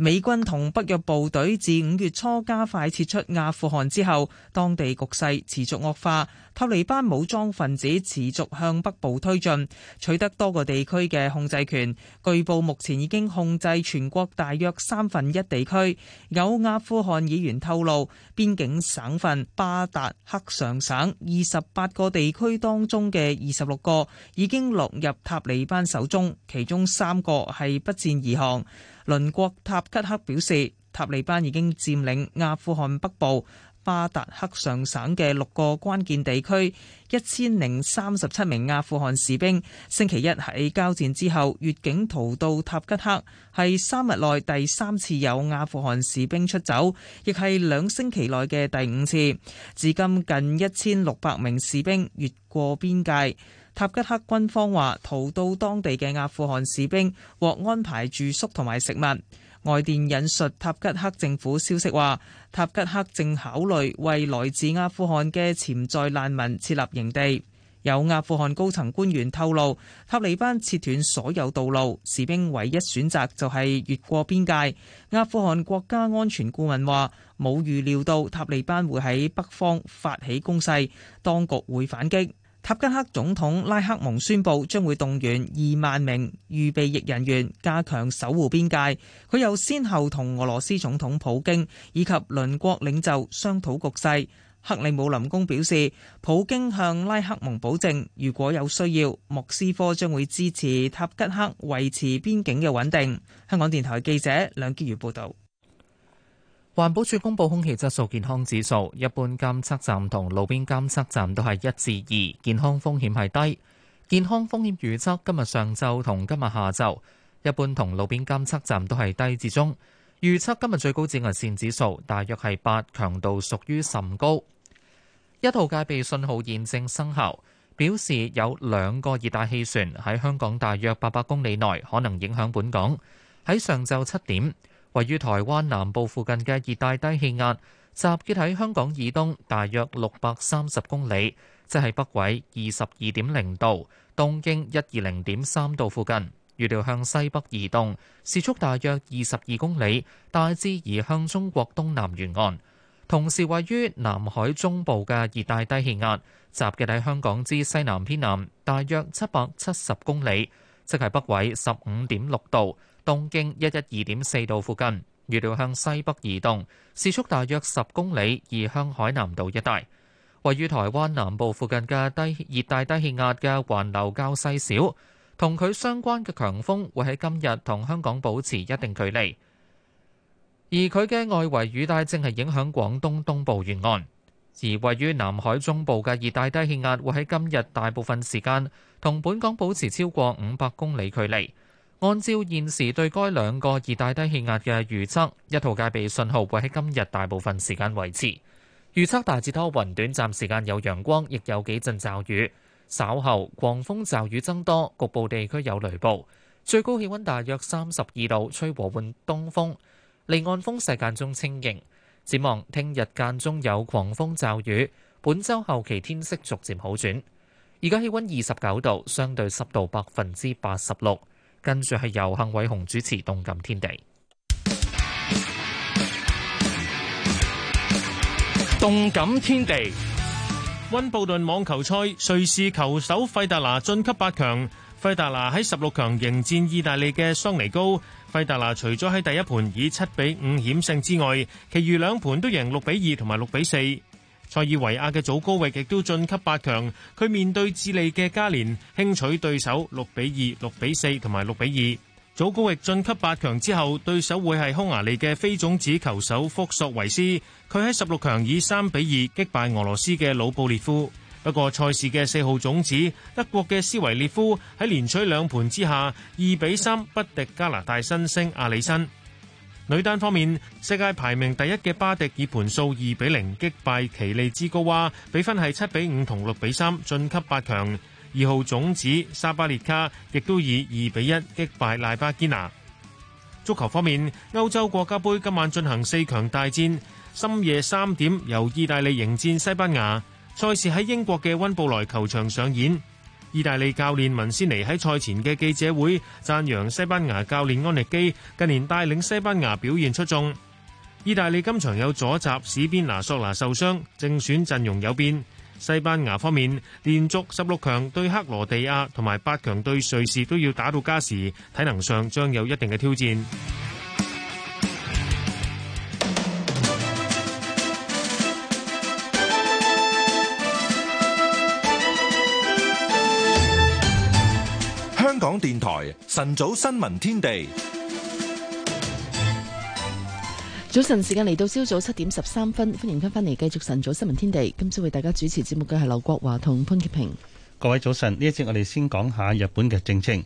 美軍同北約部隊自五月初加快撤出阿富汗之後，當地局勢持續惡化。塔利班武裝分子持續向北部推進，取得多個地區嘅控制權。據報，目前已經控制全國大約三分一地區。有阿富汗議員透露，邊境省份巴達克尚省二十八個地區當中嘅二十六個已經落入塔利班手中，其中三個係不戰而降。鄰國塔吉克表示，塔利班已經佔領阿富汗北部巴達克上省嘅六個關鍵地區。一千零三十七名阿富汗士兵星期一喺交戰之後越境逃到塔吉克，係三日內第三次有阿富汗士兵出走，亦係兩星期內嘅第五次。至今近一千六百名士兵越過邊界。塔吉克軍方話，逃到當地嘅阿富汗士兵獲安排住宿同埋食物。外電引述塔吉克政府消息話，塔吉克正考慮為來自阿富汗嘅潛在難民設立營地。有阿富汗高層官員透露，塔利班切斷所有道路，士兵唯一選擇就係越過邊界。阿富汗國家安全顧問話，冇預料到塔利班會喺北方發起攻勢，當局會反擊。塔吉克總統拉克蒙宣布將會動員二萬名預備役人員加強守護邊界。佢又先後同俄羅斯總統普京以及鄰國領袖商討局勢。克里姆林宮表示，普京向拉克蒙保證，如果有需要，莫斯科將會支持塔吉克維持邊境嘅穩定。香港電台記者梁潔如報道。環保署公布空氣質素健康指數。一般監測站同路邊監測站都係一至二，健康風險係低。健康風險預測今日上晝同今日下晝，一般同路邊監測站都係低至中。預測今日最高紫外線指數大約係八，強度屬於甚高。一號戒備信號現正生效，表示有兩個熱帶氣旋喺香港大約八百公里內可能影響本港。喺上晝七點，位於台灣南部附近嘅熱帶低氣壓，集結喺香港以東，大約六百三十公里，即係北緯二十二點零度、東經一二零點三度附近。預料向西北移動，時速大約二十二公里，大致移向中國東南沿岸。同時，位於南海中部嘅熱帶低氣壓，集結喺香港之西南偏南，大約七百七十公里，即係北緯十五點六度。東經一一二點四度附近，預料向西北移動，時速大約十公里，移向海南島一帶。位於台灣南部附近嘅低熱帶低氣壓嘅環流較細小，同佢相關嘅強風會喺今日同香港保持一定距離。而佢嘅外圍雨帶正係影響廣東東東部沿岸，而位於南海中部嘅熱帶低氣壓會喺今日大部分時間同本港保持超過五百公里距離。按照現時對該兩個熱帶低氣壓嘅預測，一號戒備信號會喺今日大部分時間維持。預測大致多雲，短暫時間有陽光，亦有幾陣驟雨。稍後狂風驟雨增多，局部地區有雷暴。最高氣温大約三十二度，吹和緩東風，離岸風勢間中清勁。展望聽日間中有狂風驟雨，本週後期天色逐漸好轉。而家氣温二十九度，相對濕度百分之八十六。跟住係由幸偉雄主持《動感天地》，《動感天地》溫布頓網球賽，瑞士球手費達拿晉級八強。費達拿喺十六強迎戰意大利嘅桑尼高。費達拿除咗喺第一盤以七比五險勝之外，其餘兩盤都贏六比二同埋六比四。塞爾維亞嘅祖高域亦都晉級八強，佢面對智利嘅加連輕取對手六比二、六比四同埋六比二。祖高域晉級八強之後，對手會係匈牙利嘅非種子球手福索維斯，佢喺十六強以三比二擊敗俄羅斯嘅魯布列夫。不過賽事嘅四號種子德國嘅斯維列夫喺連取兩盤之下二比三不敵加拿大新星阿里申。女單方面，世界排名第一嘅巴迪以盤數二比零擊敗奇利茲高娃，比分係七比五同六比三，晉級八強。二號種子沙巴列卡亦都以二比一擊敗賴巴堅娜。足球方面，歐洲國家杯今晚進行四強大戰，深夜三點由意大利迎戰西班牙，賽事喺英國嘅溫布萊球場上演。意大利教練文仙尼喺賽前嘅記者會讚揚西班牙教練安歷基近年帶領西班牙表現出眾。意大利今場有左閘史邊拿索拿受傷，正選陣容有變。西班牙方面連續十六強對克羅地亞同埋八強對瑞士都要打到加時，體能上將有一定嘅挑戰。晨早新聞天地，早晨時間嚟到，朝早七點十三分，歡迎翻返嚟，繼續晨早新聞天地。今次為大家主持節目嘅係劉國華同潘潔平。各位早晨，呢一節我哋先講下日本嘅政情。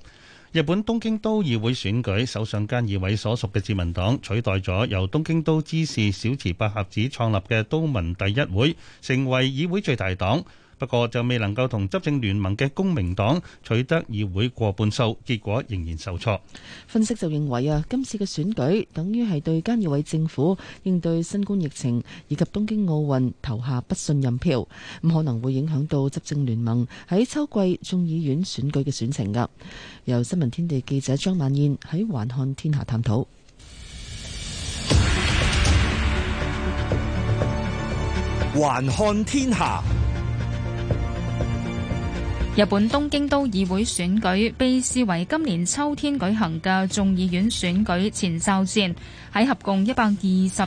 日本東京都議會選舉，首相菅義偉所屬嘅自民黨取代咗由東京都知事小池百合子創立嘅都民第一會，成為議會最大黨。不過就未能夠同執政聯盟嘅公明黨取得議會過半數，結果仍然受挫。分析就認為啊，今次嘅選舉等於係對菅義偉政府應對新冠疫情以及東京奧運投下不信任票，咁可能會影響到執政聯盟喺秋季眾議院選舉嘅選情噶。由新聞天地記者張曼燕喺環看天下探討。環看天下。日本東京都議會選舉被視為今年秋天舉行嘅眾議院選舉前哨戰。喺合共一百二十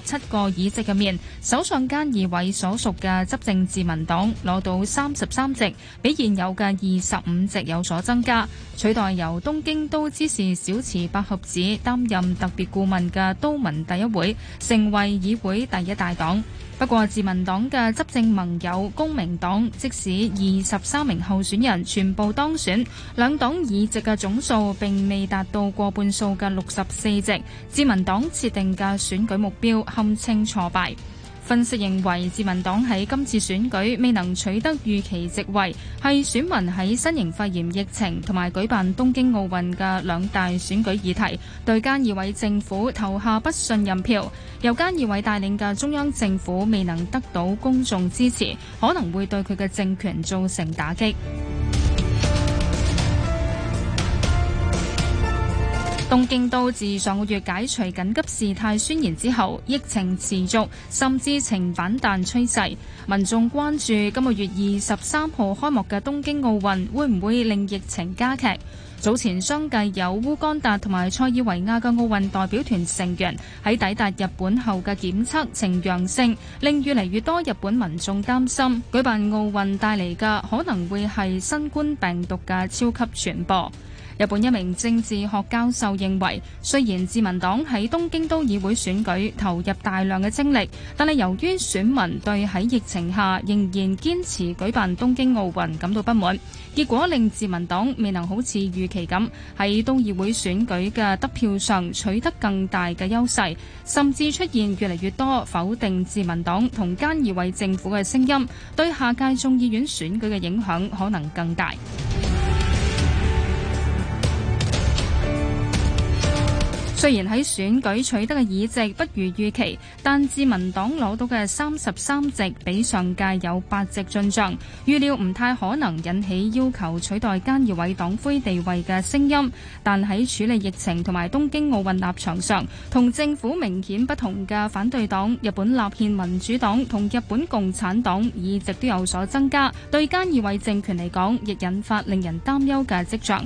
七個議席入面，首相菅義偉所屬嘅執政自民黨攞到三十三席，比現有嘅二十五席有所增加，取代由東京都知事小池百合子擔任特別顧問嘅都民第一會，成為議會第一大黨。不過，自民黨嘅執政盟友公明黨，即使二十三名候選人全部當選，兩黨議席嘅總數並未達到過半數嘅六十四席，自民黨設定嘅選舉目標堪稱挫敗。分析認為，自民黨喺今次選舉未能取得預期席位，係選民喺新型肺炎疫情同埋舉辦東京奧運嘅兩大選舉議題，對菅義偉政府投下不信任票。由菅義偉帶領嘅中央政府未能得到公眾支持，可能會對佢嘅政權造成打擊。東京都自上個月解除緊急事態宣言之後，疫情持續甚至呈反彈趨勢。民眾關注今個月二十三號開幕嘅東京奧運會唔會令疫情加劇。早前相繼有烏干達同埋塞爾維亞嘅奧運代表團成員喺抵達日本後嘅檢測呈陽性，令越嚟越多日本民眾擔心舉辦奧運帶嚟嘅可能會係新冠病毒嘅超級傳播。日本一名政治學教授認為，雖然自民黨喺東京都議會選舉投入大量嘅精力，但係由於選民對喺疫情下仍然堅持舉辦東京奧運感到不滿，結果令自民黨未能好似預期咁喺都議會選舉嘅得票上取得更大嘅優勢，甚至出現越嚟越多否定自民黨同菅義偉政府嘅聲音，對下屆眾議院選舉嘅影響可能更大。雖然喺選舉取得嘅議席不如預期，但自民黨攞到嘅三十三席比上屆有八席進賬，預料唔太可能引起要求取代菅義偉黨魁地位嘅聲音。但喺處理疫情同埋東京奧運立場上，同政府明顯不同嘅反對黨日本立憲民主黨同日本共產黨議席都有所增加，對菅義偉政權嚟講亦引發令人擔憂嘅跡象。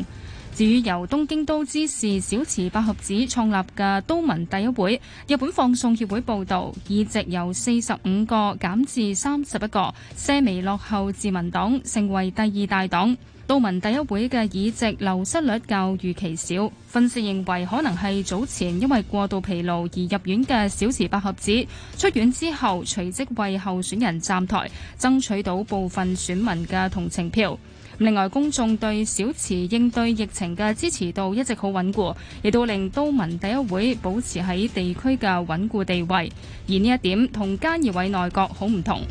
至於由東京都知事小池百合子創立嘅都民第一會，日本放送協會報導，議席由四十五個減至三十一個，些微落後自民黨成為第二大黨。都民第一會嘅議席流失率較預期少，分析認為可能係早前因為過度疲勞而入院嘅小池百合子出院之後，隨即為候選人站台，爭取到部分選民嘅同情票。另外，公眾對小池應對疫情嘅支持度一直好穩固，亦都令都民第一會保持喺地區嘅穩固地位。而呢一點同菅義偉內閣好唔同。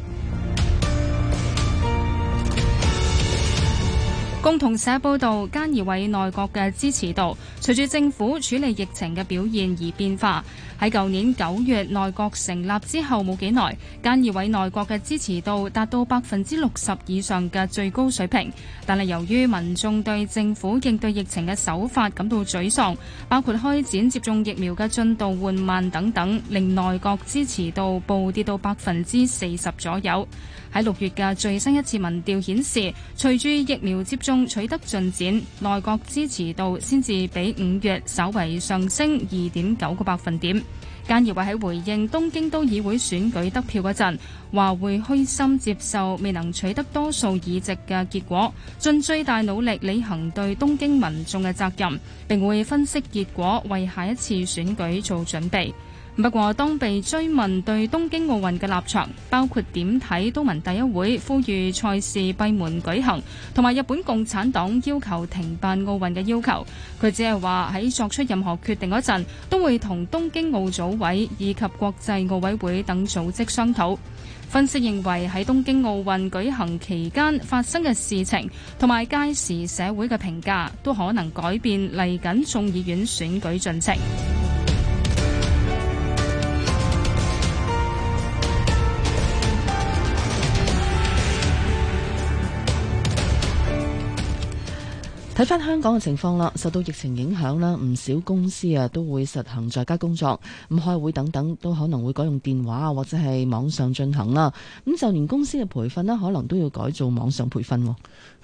共同社報道，菅義偉內閣嘅支持度隨住政府處理疫情嘅表現而變化。喺舊年九月內閣成立之後冇幾耐，菅義偉內閣嘅支持度達到百分之六十以上嘅最高水平，但係由於民眾對政府應對疫情嘅手法感到沮喪，包括開展接種疫苗嘅進度緩慢等等，令內閣支持度暴跌到百分之四十左右。喺六月嘅最新一次民調顯示，隨住疫苗接種取得進展，內閣支持度先至比五月稍為上升二點九個百分點。菅義偉喺回應東京都議會選舉得票嗰陣話會虛心接受未能取得多數議席嘅結果，盡最大努力履行對東京民眾嘅責任，並會分析結果為下一次選舉做準備。不過，當被追問對東京奧運嘅立場，包括點睇都民第一會呼籲賽事閉門舉行，同埋日本共產黨要求停辦奧運嘅要求，佢只係話喺作出任何決定嗰陣，都會同東京奧組委以及國際奧委會等組織商討。分析認為，喺東京奧運舉行期間發生嘅事情，同埋屆時社會嘅評價，都可能改變嚟緊眾議院選舉進程。睇翻香港嘅情況啦，受到疫情影響啦，唔少公司啊都會實行在家工作，咁開會等等都可能會改用電話或者係網上進行啦。咁就連公司嘅培訓咧，可能都要改做網上培訓。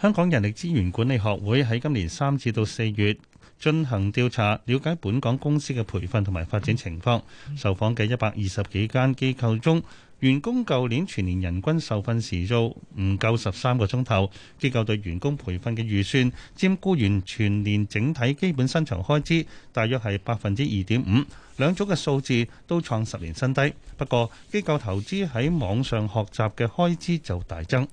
香港人力資源管理學會喺今年三至到四月進行調查，了解本港公司嘅培訓同埋發展情況。受訪嘅一百二十幾間機構中，員工舊年全年人均受訓時數唔夠十三個鐘頭，機構對員工培訓嘅預算佔僱員全年整體基本薪酬開支，大約係百分之二點五。兩組嘅數字都創十年新低，不過機構投資喺網上學習嘅開支就大增。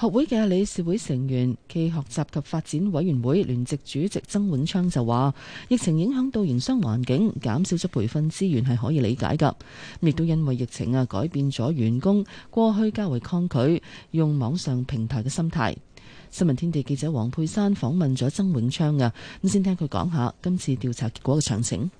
學會嘅理事會成員、暨學習及發展委員會聯席主席曾永昌就話：疫情影響到營商環境，減少咗培訓資源係可以理解㗎。亦都因為疫情啊，改變咗員工過去較為抗拒用網上平台嘅心態。新聞天地記者黃佩珊訪問咗曾永昌啊，咁先聽佢講下今次調查結果嘅詳情。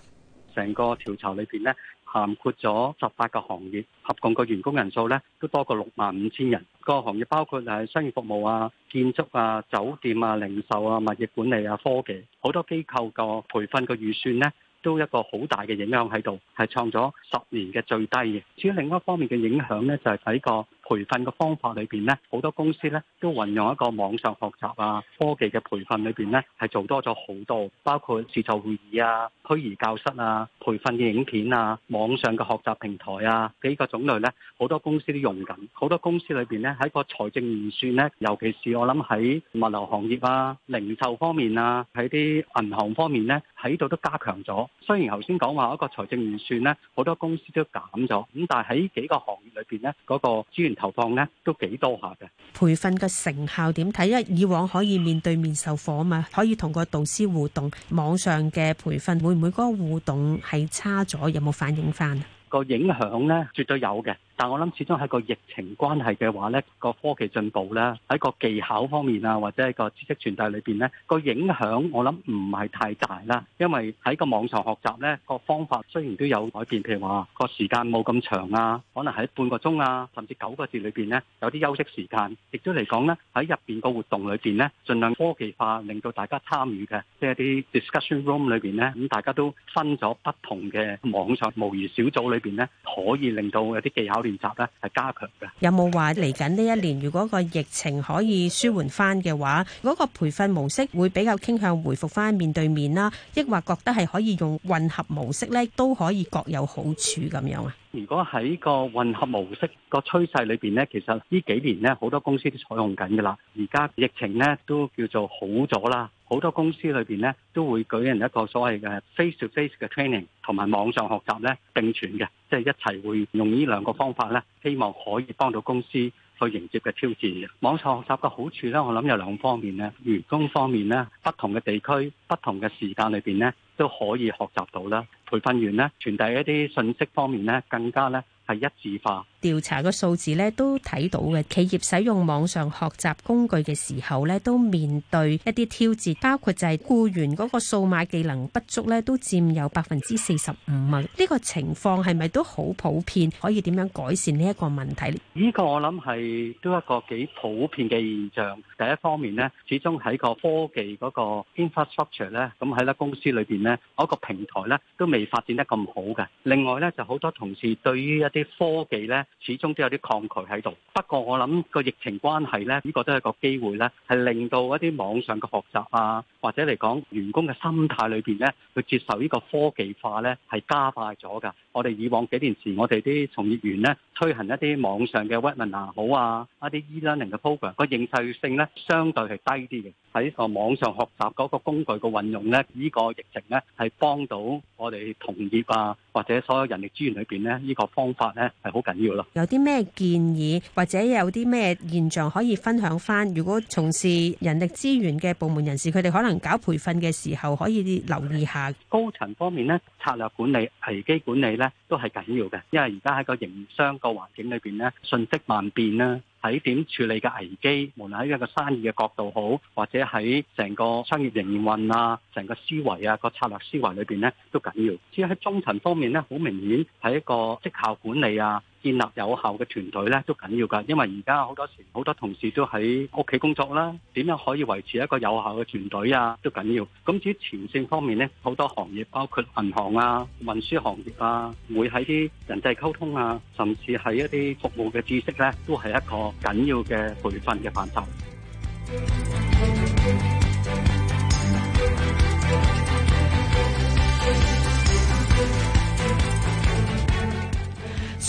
成個調查裏邊咧，涵括咗十八個行業，合共個員工人數咧都多過六萬五千人。個行業包括係商業服務啊、建築啊、酒店啊、零售啊、物業管理啊、科技。好多機構個培訓個預算咧，都一個好大嘅影響喺度，係創咗十年嘅最低嘅。至於另外一方面嘅影響咧，就係喺個。培訓嘅方法裏邊呢，好多公司呢都運用一個網上學習啊，科技嘅培訓裏邊呢，係做多咗好多，包括視像會議啊、虛擬教室啊、培訓嘅影片啊、網上嘅學習平台啊，幾個種類呢，好多公司都用緊。好多公司裏邊呢，喺個財政預算呢，尤其是我諗喺物流行業啊、零售方面啊、喺啲銀行方面呢，喺度都加強咗。雖然頭先講話一個財政預算呢，好多公司都減咗，咁但係喺幾個行業裏邊呢嗰個資源。投放咧都幾多下嘅，培訓嘅成效點睇？因為以往可以面對面授課啊嘛，可以同個導師互動，網上嘅培訓會唔會嗰個互動係差咗？有冇反映翻？個影響咧，絕對有嘅。但我諗始終係個疫情關係嘅話咧，個科技進步咧，喺個技巧方面啊，或者係個知識傳遞裏邊咧，個影響我諗唔係太大啦。因為喺個網上學習咧，個方法雖然都有改變，譬如話個時間冇咁長啊，可能喺半個鐘啊，甚至九個字裏邊咧，有啲休息時間，亦都嚟講咧，喺入邊個活動裏邊咧，盡量科技化，令到大家參與嘅，即係啲 discussion room 裏邊咧，咁大家都分咗不同嘅網上模擬小組裏邊咧，可以令到有啲技巧。練習係加強嘅。有冇話嚟緊呢一年，如果個疫情可以舒緩翻嘅話，嗰個培訓模式會比較傾向回復翻面對面啦，抑或覺得係可以用混合模式咧，都可以各有好處咁樣啊？如果喺個混合模式個趨勢裏邊呢，其實呢幾年呢好多公司都採用緊㗎喇。而家疫情呢都叫做好咗啦，好多公司裏邊呢都會舉行一個所謂嘅 face to face 嘅 training 同埋網上學習呢並存嘅，即係一齊會用呢兩個方法呢，希望可以幫到公司去迎接嘅挑戰嘅。網上學習嘅好處呢，我諗有兩方面呢，員工方面呢，不同嘅地區、不同嘅時間裏邊呢都可以學習到啦。培訓員咧，傳遞一啲信息方面咧，更加咧係一致化。調查個數字咧都睇到嘅，企業使用網上學習工具嘅時候咧，都面對一啲挑戰，包括就係僱員嗰個數碼技能不足咧，都佔有百分之四十五啊。呢個情況係咪都好普遍？可以點樣改善呢一個問題？呢個我諗係都一個幾普遍嘅現象。第一方面咧，始終喺個科技嗰個 infrastructure 咧，咁喺咧公司裏邊咧，嗰個平台咧都未發展得咁好嘅。另外咧，就好多同事對於一啲科技咧，始終都有啲抗拒喺度。不過我諗個疫情關係咧，呢個都係個機會咧，係令到一啲網上嘅學習啊，或者嚟講員工嘅心態裏面咧，去接受呢個科技化咧，係加快咗㗎。我哋以往幾年前，我哋啲從業員咧推行一啲網上嘅 workman 啊，好啊，啊一啲 e-learning 嘅 program，個認受性咧相對係低啲嘅。喺個網上學習嗰個工具嘅運用咧，呢個疫情咧係幫到我哋同業啊，或者所有人力資源裏面咧，呢個方法咧係好緊要啦。有啲咩建議或者有啲咩現象可以分享翻？如果從事人力資源嘅部門人士，佢哋可能搞培訓嘅時候，可以留意下高層方面咧，策略管理、危機管理咧都係緊要嘅，因為而家喺個營商個環境裏邊咧，瞬息萬變啦，喺點處理嘅危機，無論喺一個生意嘅角度好，或者喺成個商業營運啊、成個思維啊、個策略思維裏邊咧都緊要。至於喺中層方面咧，好明顯係一個績效管理啊。建立有效嘅團隊咧，都緊要噶，因為而家好多時好多同事都喺屋企工作啦，點樣可以維持一個有效嘅團隊啊，都緊要。咁至於前線方面咧，好多行業包括銀行啊、運輸行業啊，會喺啲人際溝通啊，甚至係一啲服務嘅知識咧，都係一個緊要嘅培訓嘅範疇。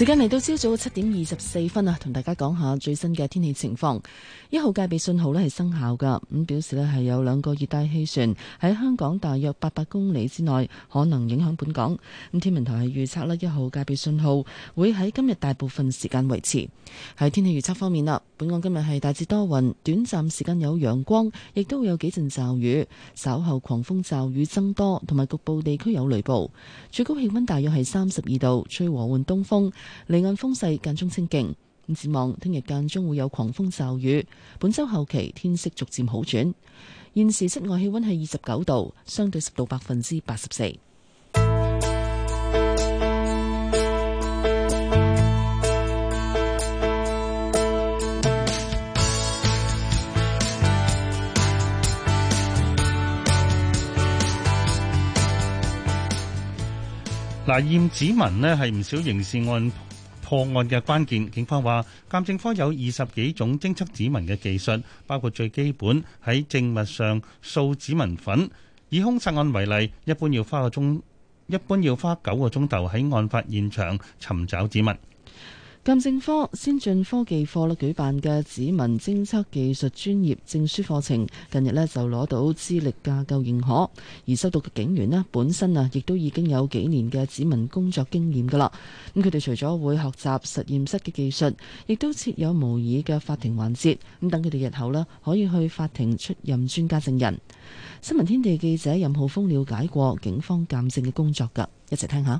時間嚟到朝早七點二十四分啊，同大家講下最新嘅天氣情況。一號戒備信號咧係生效噶，咁表示咧係有兩個熱帶氣旋喺香港大約八百公里之內可能影響本港。咁天文台係預測咧一號戒備信號會喺今日大部分時間維持。喺天氣預測方面啦，本港今日係大致多雲，短暫時間有陽光，亦都會有幾陣驟雨，稍後狂風驟雨增多，同埋局部地區有雷暴。最高氣溫大約係三十二度，吹和緩東風。離岸風勢間中清勁，展望聽日間中會有狂風驟雨。本周後期天色逐漸好轉。現時室外氣溫係二十九度，相對濕度百分之八十四。嗱，驗指紋呢係唔少刑事案破案嘅關鍵。警方話，鑑證科有二十幾種偵測指紋嘅技術，包括最基本喺證物上掃指紋粉。以兇殺案為例，一般要花個鐘，一般要花九個鐘頭喺案發現場尋找指紋。鑑證科先進科技課啦舉辦嘅指紋偵測技術專業證書課程，近日呢就攞到資歷架構認可。而修讀嘅警員本身啊亦都已經有幾年嘅指紋工作經驗噶啦。咁佢哋除咗會學習實驗室嘅技術，亦都設有模擬嘅法庭環節。咁等佢哋日後呢可以去法庭出任專家證人。新聞天地記者任浩峰了解過警方鑑證嘅工作噶，一齊聽一下。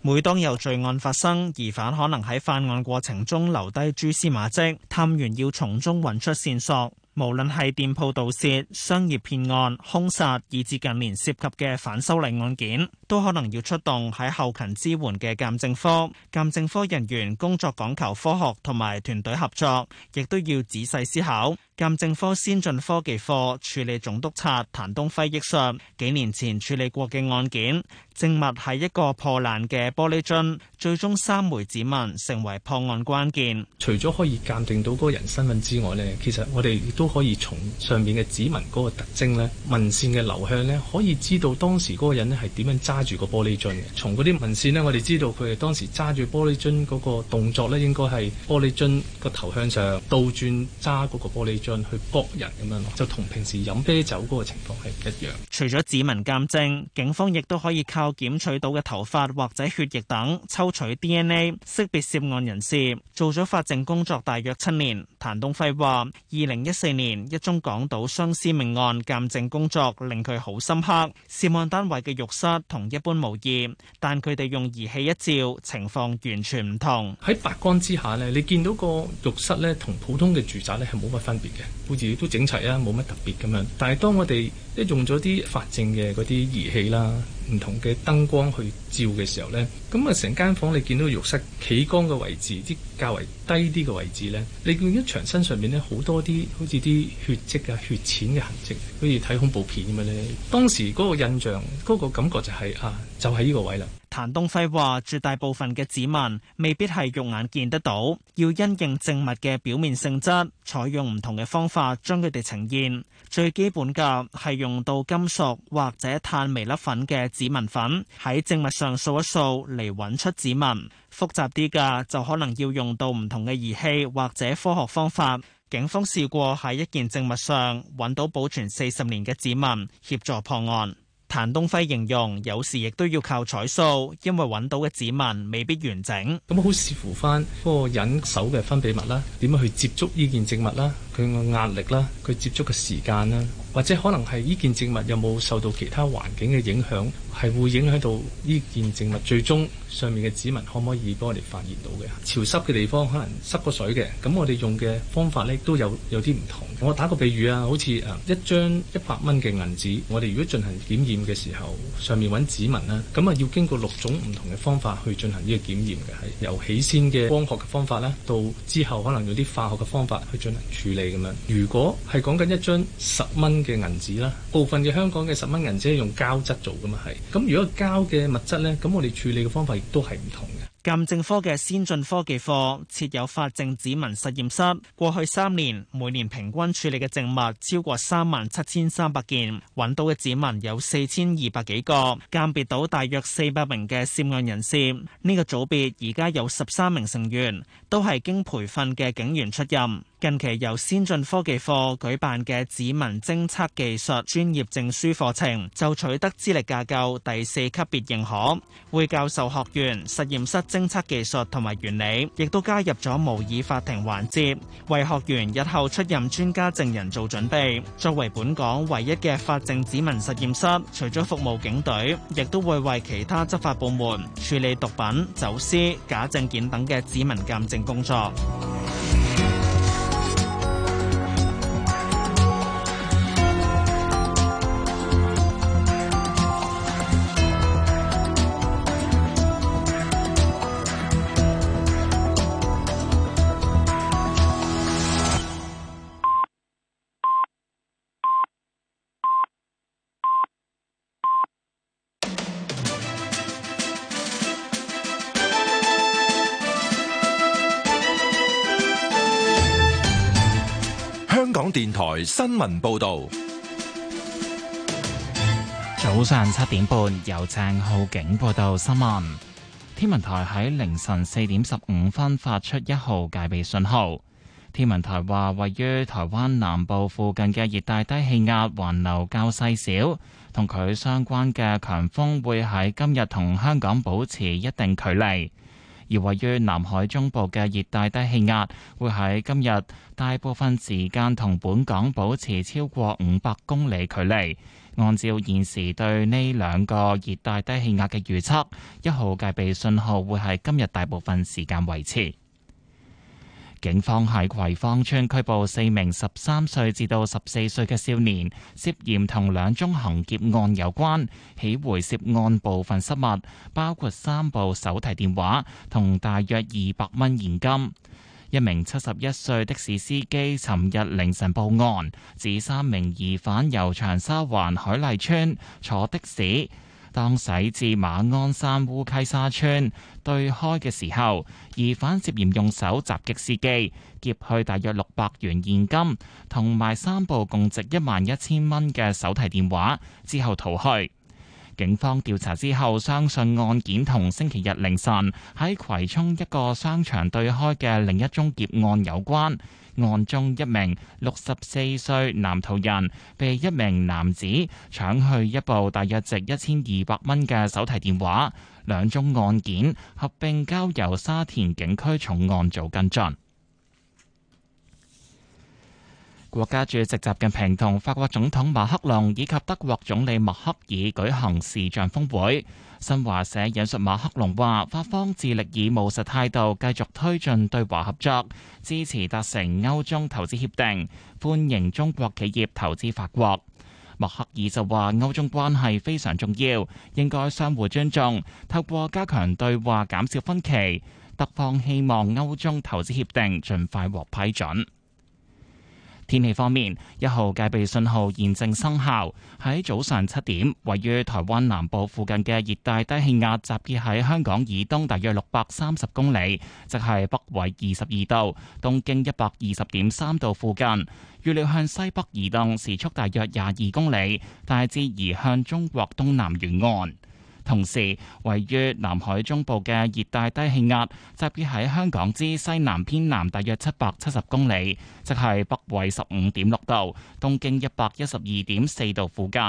每當有罪案發生，疑犯可能喺犯案過程中留低蛛絲馬跡，探員要從中揾出線索。無論係店鋪盜竊、商業騙案、凶殺，以至近年涉及嘅反修例案件，都可能要出動喺後勤支援嘅鑑證科，鑑證科人員工作講求科學同埋團隊合作，亦都要仔細思考。鑑證科先進科技科處理總督察譚東輝憶述，幾年前處理過嘅案件，證物係一個破爛嘅玻璃樽，最終三枚指紋成為破案關鍵，除咗可以鑑定到嗰個人身份之外咧，其實我哋亦都可以從上面嘅指紋嗰個特徵咧、紋線嘅流向咧，可以知道當時嗰個人咧係點樣揸。揸住個玻璃樽嘅，從嗰啲紋線呢，我哋知道佢哋當時揸住玻璃樽嗰個動作呢，應該係玻璃樽個頭向上倒轉揸嗰個玻璃樽去搏人咁樣咯，就同平時飲啤酒嗰個情況係一樣。除咗指紋鑑證，警方亦都可以靠檢取到嘅頭髮或者血液等，抽取 DNA 識別涉案人士。做咗法證工作大約七年，譚東輝話，二零一四年一宗港島雙屍命案鑑證工作令佢好深刻。涉案單位嘅浴室同一般無異，但佢哋用儀器一照，情況完全唔同。喺白光之下呢，你見到個浴室呢，同普通嘅住宅呢，係冇乜分別嘅，好似都整齊啊，冇乜特別咁樣。但係當我哋即係用咗啲法證嘅嗰啲儀器啦，唔同嘅燈光去照嘅時候呢，咁啊成間房你見到浴室企光嘅位置，即較為低啲嘅位置呢，你見一牆身上面呢，好多啲好似啲血跡啊、血漬嘅痕跡，好似睇恐怖片咁樣呢。當時嗰個印象、嗰、嗰個感覺就係、係、啊，就係呢個位啦。譚東輝話，絕大部分嘅指紋未必係肉眼見得到，要因應證物嘅表面性質，採用唔同嘅方法將佢哋呈現。最基本㗎係用到金屬或者碳微粒粉嘅指紋粉，喺證物上掃一掃嚟揾出指紋。複雜啲㗎就可能要用到唔同嘅儀器或者科學方法。警方試過喺一件證物上揾到保存四十年嘅指紋，協助破案。譚東輝形容，有時亦都要靠彩數，因為揾到嘅指紋未必完整。咁好視乎翻嗰個人手嘅分泌物啦，點樣去接觸呢件證物啦。佢個壓力啦，佢接觸嘅時間啦，或者可能係呢件證物有冇受到其他環境嘅影響，係會影響到呢件證物最終上面嘅指紋可唔可以幫我哋發現到嘅。潮濕嘅地方可能濕過水嘅，咁我哋用嘅方法呢，都有有啲唔同。我打個比喻啊，好似誒一張一百蚊嘅銀紙，我哋如果進行檢驗嘅時候，上面揾指紋啦，咁啊要經過六種唔同嘅方法去進行呢個檢驗嘅，係由起先嘅光學嘅方法咧，到之後可能有啲化學嘅方法去進行處理。如果係講緊一張十蚊嘅銀紙啦，部分嘅香港嘅十蚊銀紙係用膠質做噶嘛？係咁，如果膠嘅物質呢，咁我哋處理嘅方法亦都係唔同嘅。鑑證科嘅先進科技課設有法證指紋實驗室，過去三年每年平均處理嘅證物超過三萬七千三百件，揾到嘅指紋有四千二百幾個，鑑別到大約四百名嘅涉案人士。呢個組別而家有十三名成員，都係經培訓嘅警員出任。近期由先進科技課舉辦嘅指紋偵測技術專業證書課程，就取得資歷架構第四級別認可。會教授學員實驗室偵測技術同埋原理，亦都加入咗模擬法庭環節，為學員日後出任專家證人做準備。作為本港唯一嘅法證指紋實驗室，除咗服務警隊，亦都會為其他執法部門處理毒品、走私、假證件等嘅指紋鑑證工作。台新聞報道，早上七點半由鄭浩景報道新聞。天文台喺凌晨四點十五分發出一號戒備信號。天文台話，位於台灣南部附近嘅熱帶低氣壓環流較細小，同佢相關嘅強風會喺今日同香港保持一定距離。而位於南海中部嘅熱帶低氣壓會喺今日大部分時間同本港保持超過五百公里距離。按照現時對呢兩個熱帶低氣壓嘅預測，一號戒備信號會喺今日大部分時間維持。警方喺葵芳邨拘捕四名十三歲至到十四歲嘅少年，涉嫌同兩宗行劫案有關，起回涉案部分失物，包括三部手提電話同大約二百蚊現金。一名七十一歲的士司機尋日凌晨報案，指三名疑犯由長沙環海麗村坐的士。當駛至馬鞍山烏溪沙村對開嘅時候，疑犯涉嫌用手襲擊司機，劫去大約六百元現金同埋三部共值一萬一千蚊嘅手提電話，之後逃去。警方調查之後，相信案件同星期日凌晨喺葵涌一個商場對開嘅另一宗劫案有關。案中一名六十四歲男途人被一名男子搶去一部大約值一千二百蚊嘅手提電話，兩宗案件合併交由沙田警區重案組跟進。國家主席習近平同法國總統馬克龍以及德國總理默克爾舉行視像峰會。新華社引述馬克龍話，法方致力以務實態度繼續推進對華合作，支持達成歐中投資協定，歡迎中國企業投資法國。默克爾就話，歐中關係非常重要，應該相互尊重，透過加強對話減少分歧。德方希望歐中投資協定盡快獲批准。天氣方面，一號戒備信號現正生效。喺早上七點，位於台灣南部附近嘅熱帶低氣壓集結喺香港以東大約六百三十公里，即係北緯二十二度、東經一百二十點三度附近。預料向西北移動，時速大約廿二公里，大致移向中國東南沿岸。同時，位於南海中部嘅熱帶低氣壓集結喺香港之西南偏南大約七百七十公里，即係北緯十五點六度、東經一百一十二點四度附近。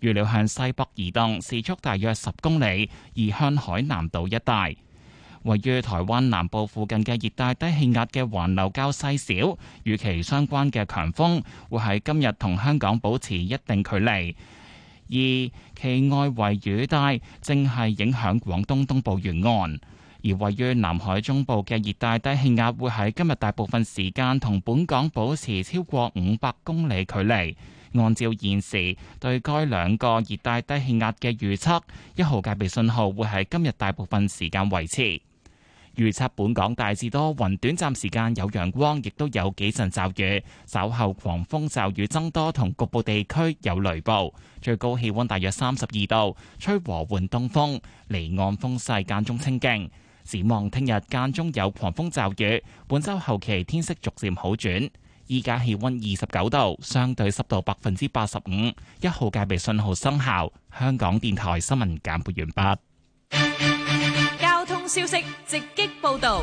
預料向西北移動，時速大約十公里，而向海南島一帶。位於台灣南部附近嘅熱帶低氣壓嘅環流較細小，與其相關嘅強風會喺今日同香港保持一定距離。而其外圍雨帶正係影響廣東東部沿岸，而位於南海中部嘅熱帶低氣壓會喺今日大部分時間同本港保持超過五百公里距離。按照現時對該兩個熱帶低氣壓嘅預測，一號戒備信號會喺今日大部分時間維持。預測本港大致多雲，短暫時間有陽光，亦都有幾陣驟雨。稍後狂風驟雨增多，同局部地區有雷暴。最高氣溫大約三十二度，吹和緩東風，離岸風勢間中清勁。展望聽日間中有狂風驟雨，本周後期天色逐漸好轉。而家氣溫二十九度，相對濕度百分之八十五。一號戒備信號生效。香港電台新聞簡報完畢。消息直擊報道。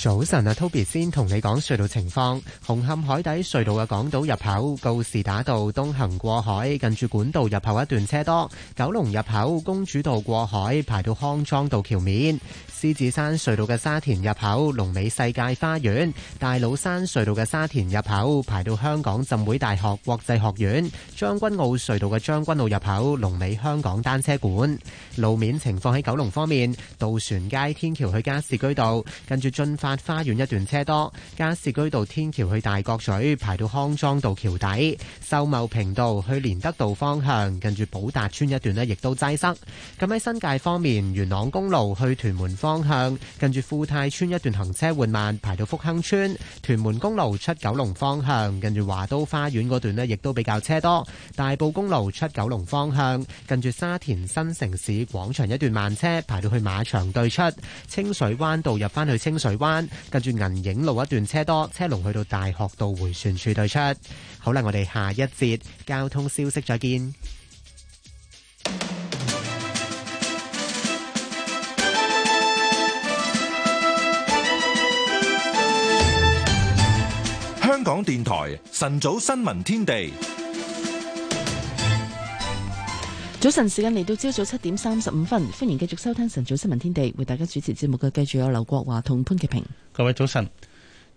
早晨啊，Toby 先同你講隧道情況。紅磡海底隧道嘅港島入口告士打道東行過海，近住管道入口一段車多；九龍入口公主道過海排到康莊道橋面。獅子山隧道嘅沙田入口、龍尾世界花園、大老山隧道嘅沙田入口，排到香港浸會大學國際學院、將軍澳隧道嘅將軍澳入口、龍尾香港單車館。路面情況喺九龍方面，渡船街天橋去加士居道，跟住駿發花園一段車多；加士居道天橋去大角咀，排到康莊道橋底；秀茂坪道去連德道方向，跟住寶達邨一段呢亦都擠塞。咁喺新界方面，元朗公路去屯門方。方向，跟住富泰邨一段行車緩慢，排到福亨村。屯門公路出九龍方向，跟住華都花園嗰段呢亦都比較車多。大埔公路出九龍方向，跟住沙田新城市廣場一段慢車，排到去馬場對出。清水灣道入返去清水灣，跟住銀影路一段車多，車龍去到大學道回旋處對出。好啦，我哋下一節交通消息再見。港電台晨早新聞天地，早晨時間嚟到朝早七點三十五分，歡迎繼續收聽晨早新聞天地，為大家主持節目嘅，繼續有劉國華同潘潔平。各位早晨。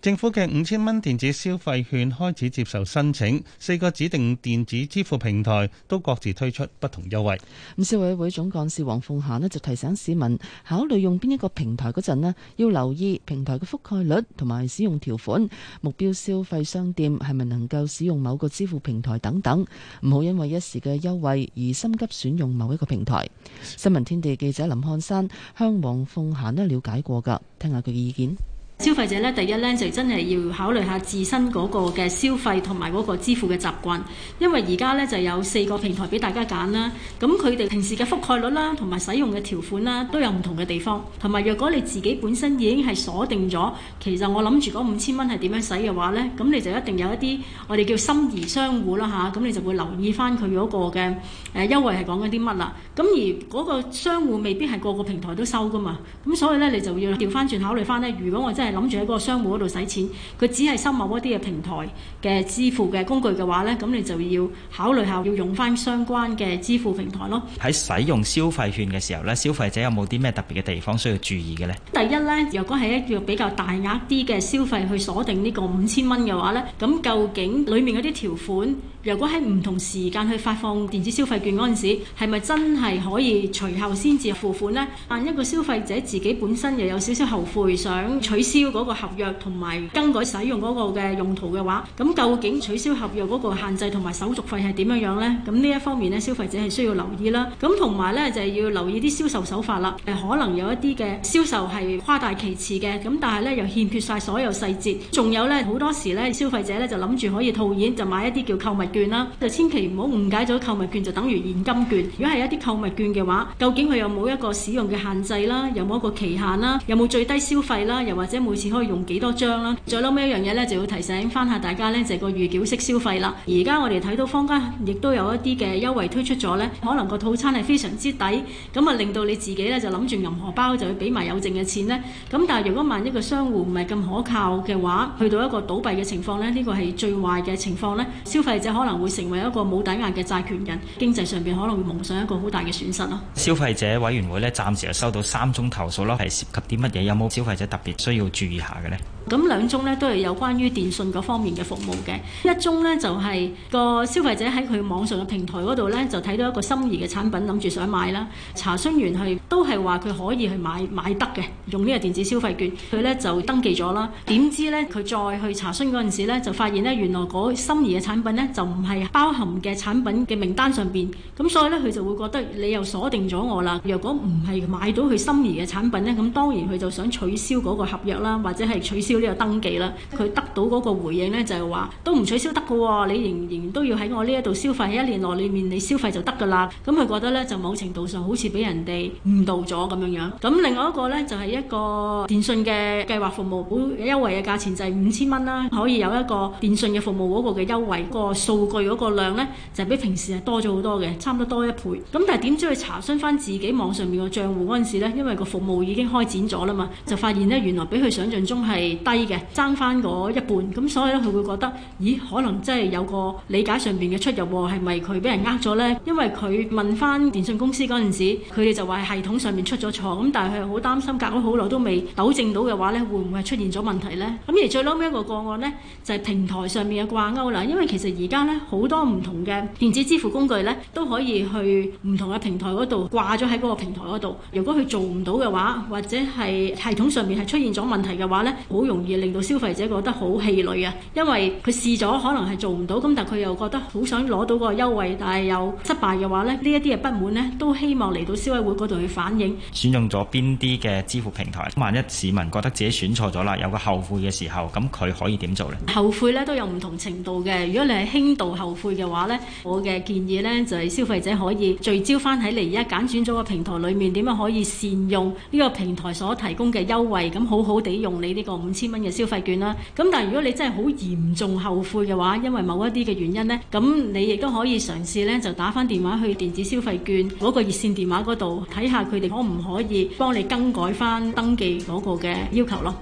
政府嘅五千蚊電子消費券開始接受申請，四個指定電子支付平台都各自推出不同優惠。咁消委會總幹事黃鳳嫺咧就提醒市民考慮用邊一個平台嗰陣咧，要留意平台嘅覆蓋率同埋使用條款、目標消費商店係咪能夠使用某個支付平台等等，唔好因為一時嘅優惠而心急選用某一個平台。新聞天地記者林漢山向黃鳳嫺咧了解過㗎，聽下佢嘅意見。消費者咧，第一咧就真係要考慮下自身嗰個嘅消費同埋嗰個支付嘅習慣，因為而家咧就有四個平台俾大家揀啦。咁佢哋平時嘅覆蓋率啦，同埋使用嘅條款啦，都有唔同嘅地方。同埋若果你自己本身已經係鎖定咗，其實我諗住嗰五千蚊係點樣使嘅話咧，咁你就一定有一啲我哋叫心儀商戶啦嚇，咁你就會留意翻佢嗰個嘅誒優惠係講緊啲乜啦。咁而嗰個商戶未必係個個平台都收噶嘛，咁所以咧你就要調翻轉考慮翻咧，如果我真係諗住喺嗰個商戶嗰度使錢，佢只係收某一啲嘅平台嘅支付嘅工具嘅話呢咁你就要考慮下要用翻相關嘅支付平台咯。喺使用消費券嘅時候呢消費者有冇啲咩特別嘅地方需要注意嘅呢？第一呢，如果係一個比較大額啲嘅消費去鎖定呢個五千蚊嘅話呢咁究竟裡面嗰啲條款？如果喺唔同時間去發放電子消費券嗰陣時，係咪真係可以隨後先至付款呢？但一個消費者自己本身又有少少後悔，想取消嗰個合約同埋更改使用嗰個嘅用途嘅話，咁究竟取消合約嗰個限制同埋手續費係點樣樣呢？咁呢一方面呢，消費者係需要留意啦。咁同埋呢，就係要留意啲銷售手法啦。誒，可能有一啲嘅銷售係誇大其詞嘅，咁但係呢又欠缺晒所有細節。仲有呢，好多時呢，消費者呢，就諗住可以套現就買一啲叫購物券啦，就千祈唔好誤解咗購物券就等於現金券。如果係一啲購物券嘅話，究竟佢有冇一個使用嘅限制啦？有冇一個期限啦？有冇最低消費啦？又或者每次可以用幾多張啦？再諗一樣嘢咧，就要提醒翻下大家呢，就係個預繳式消費啦。而家我哋睇到坊間亦都有一啲嘅優惠推出咗呢，可能個套餐係非常之抵，咁啊令到你自己呢，就諗住任荷包就要俾埋有剩嘅錢呢。咁但係如果萬一個商戶唔係咁可靠嘅話，去到一個倒閉嘅情況呢，呢個係最壞嘅情況呢。消費者可能會成為一個冇抵押嘅債權人，經濟上邊可能會蒙上一個好大嘅損失咯。消費者委員會呢暫時又收到三宗投訴啦，係涉及啲乜嘢？有冇消費者特別需要注意下嘅呢？咁兩宗呢，都係有關於電信嗰方面嘅服務嘅，一宗呢，就係個消費者喺佢網上嘅平台嗰度呢，就睇到一個心儀嘅產品，諗住想買啦。查詢員係都係話佢可以去買買得嘅，用呢個電子消費券，佢呢就登記咗啦。點知呢，佢再去查詢嗰陣時呢就發現呢，原來嗰心儀嘅產品呢。就唔係包含嘅產品嘅名單上邊，咁所以咧佢就會覺得你又鎖定咗我啦。若果唔係買到佢心儀嘅產品咧，咁當然佢就想取消嗰個合約啦，或者係取消呢個登記啦。佢得到嗰個回應咧就係、是、話都唔取消得嘅喎，你仍然都要喺我呢一度消費喺一年內裏面你消費就得嘅啦。咁佢覺得咧就某程度上好似俾人哋誤導咗咁樣樣，咁另外一個咧就係、是、一個電信嘅計劃服務好優惠嘅價錢就係五千蚊啦，可以有一個電信嘅服務嗰個嘅優惠、個數。數據嗰個量呢，就比平時係多咗好多嘅，差唔多多一倍。咁但係點知去查詢翻自己網上面個賬戶嗰陣時呢，因為個服務已經開展咗啦嘛，就發現呢，原來比佢想像中係低嘅，爭翻嗰一半。咁所以呢，佢會覺得，咦？可能真係有個理解上面嘅出入喎，係咪佢俾人呃咗呢？因為佢問翻電信公司嗰陣時，佢哋就話係系統上面出咗錯。咁但係佢又好擔心，隔咗好耐都未糾正到嘅話呢，會唔會出現咗問題呢？咁而最後尾一個個案呢，就係平台上面嘅掛勾啦。因為其實而家好多唔同嘅電子支付工具呢，都可以去唔同嘅平台嗰度掛咗喺嗰個平台嗰度。如果佢做唔到嘅話，或者係系統上面係出現咗問題嘅話呢，好容易令到消費者覺得好氣餒啊！因為佢試咗，可能係做唔到，咁但佢又覺得好想攞到嗰個優惠，但係又失敗嘅話呢，呢一啲嘅不滿呢都希望嚟到消委會嗰度去反映。選用咗邊啲嘅支付平台？萬一市民覺得自己選錯咗啦，有個後悔嘅時候，咁佢可以點做呢？後悔呢都有唔同程度嘅。如果你係輕後悔嘅話呢，我嘅建議呢就係消費者可以聚焦翻喺你而家揀選咗嘅平台裏面，點樣可以善用呢個平台所提供嘅優惠，咁好好地用你呢個五千蚊嘅消費券啦。咁但係如果你真係好嚴重後悔嘅話，因為某一啲嘅原因呢，咁你亦都可以嘗試呢，就打翻電話去電子消費券嗰個熱線電話嗰度，睇下佢哋可唔可以幫你更改翻登記嗰個嘅要求咯。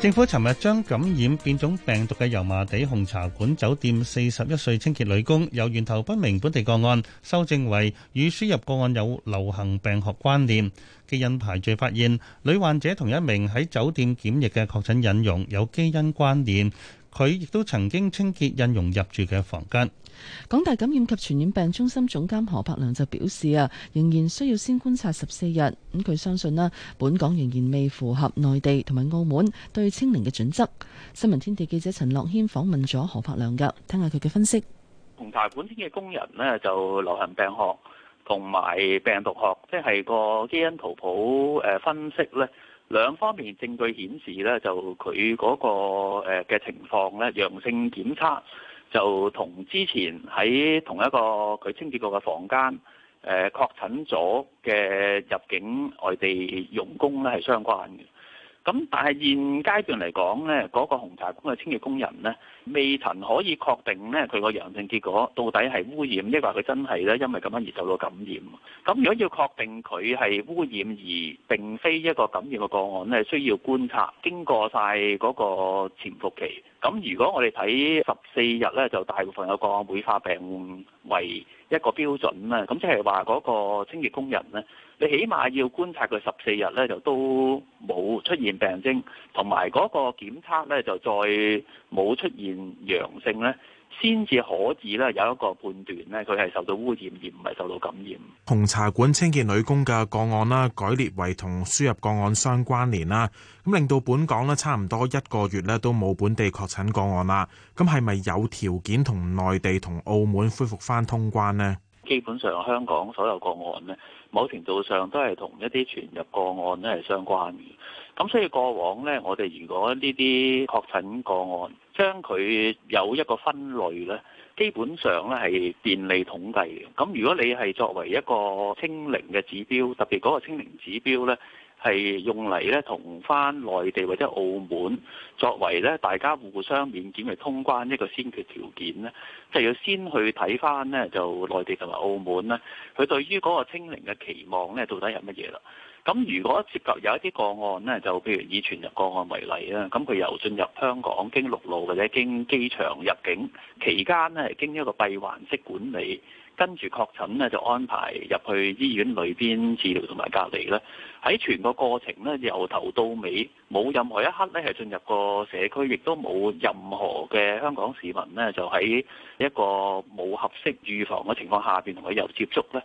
政府尋日將感染變種病毒嘅油麻地紅茶館酒店四十一歲清潔女工由源頭不明本地個案修正為與輸入個案有流行病學關聯。基因排序發現，女患者同一名喺酒店檢疫嘅確診印傭有基因關聯。佢亦都曾經清潔印傭入住嘅房間。港大感染及傳染病中心總監何柏良就表示啊，仍然需要先觀察十四日。咁佢相信啦，本港仍然未符合內地同埋澳門對清零嘅準則。新聞天地記者陳樂軒訪問咗何柏良㗎，聽下佢嘅分析。紅茶館啲嘅工人呢，就流行病學同埋病毒學，即係個基因圖譜誒分析呢，兩方面證據顯示咧，就佢嗰個嘅情況咧，陽性檢測就同之前喺同一個佢清潔過嘅房間誒確診咗嘅入境外地傭工咧係相關嘅。咁但係現階段嚟講咧，嗰個紅茶館嘅清潔工人咧，未曾可以確定咧佢個陽性結果到底係污染，抑或佢真係咧因為咁樣而受到感染。咁如果要確定佢係污染而並非一個感染嘅個案咧，需要觀察經過晒嗰個潛伏期。咁如果我哋睇十四日咧，就大部分有個案會發病為一個標準啦，咁即係話嗰個清潔工人咧，你起碼要觀察佢十四日咧，就都冇出現病徵；同埋嗰個檢測咧就再冇出現陽性咧。先至可以咧有一個判斷咧，佢係受到污染而唔係受到感染。紅茶館清潔女工嘅個案啦，改列為同輸入個案相關聯啦，咁令到本港咧差唔多一個月咧都冇本地確診個案啦。咁係咪有條件同內地同澳門恢復翻通關咧？基本上香港所有個案咧，某程度上都係同一啲傳入個案咧係相關嘅。咁所以過往咧，我哋如果呢啲確診個案，將佢有一個分類呢，基本上呢係便利統計嘅。咁如果你係作為一個清零嘅指標，特別嗰個清零指標呢，係用嚟呢同翻內地或者澳門作為呢大家互相免檢去通關一個先決條件呢，就係、要先去睇翻呢就內地同埋澳門呢，佢對於嗰個清零嘅期望呢，到底係乜嘢啦？咁如果涉及有一啲個案呢，就譬如以傳入個案為例啦，咁佢又進入香港經陸路或者經機場入境期間呢，係經一個閉環式管理，跟住確診呢，就安排入去醫院裏邊治療同埋隔離啦。喺全個過程呢，由頭到尾冇任何一刻呢，係進入個社區亦都冇任何嘅香港市民呢，就喺一個冇合適預防嘅情況下邊同佢有接觸呢。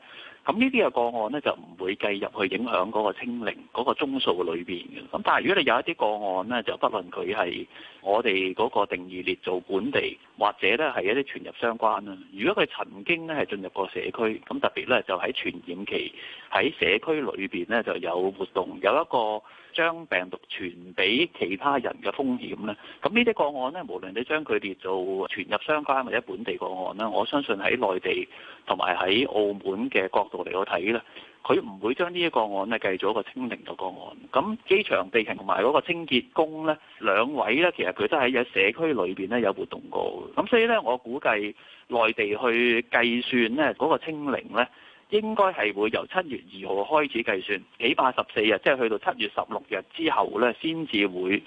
咁呢啲嘅個案咧，就唔會計入去影響嗰個清零嗰個宗數裏邊嘅。咁但係如果你有一啲個案咧，就不論佢係我哋嗰個定義列做本地，或者咧係一啲傳入相關啦。如果佢曾經咧係進入過社區，咁特別咧就喺傳染期喺社區裏邊咧就有活動，有一個將病毒傳俾其他人嘅風險咧。咁呢啲個案咧，無論你將佢列做傳入相關或者本地個案呢，我相信喺內地。同埋喺澳門嘅角度嚟講睇咧，佢唔會將呢一個案咧計做一個清零嘅個案。咁機場地勤同埋嗰個清潔工咧兩位咧，其實佢都喺嘅社區裏面咧有活動過。咁所以咧，我估計內地去計算咧嗰個清零咧。應該係會由七月二號開始計算，起碼十四日，即係去到七月十六日之後咧，先至會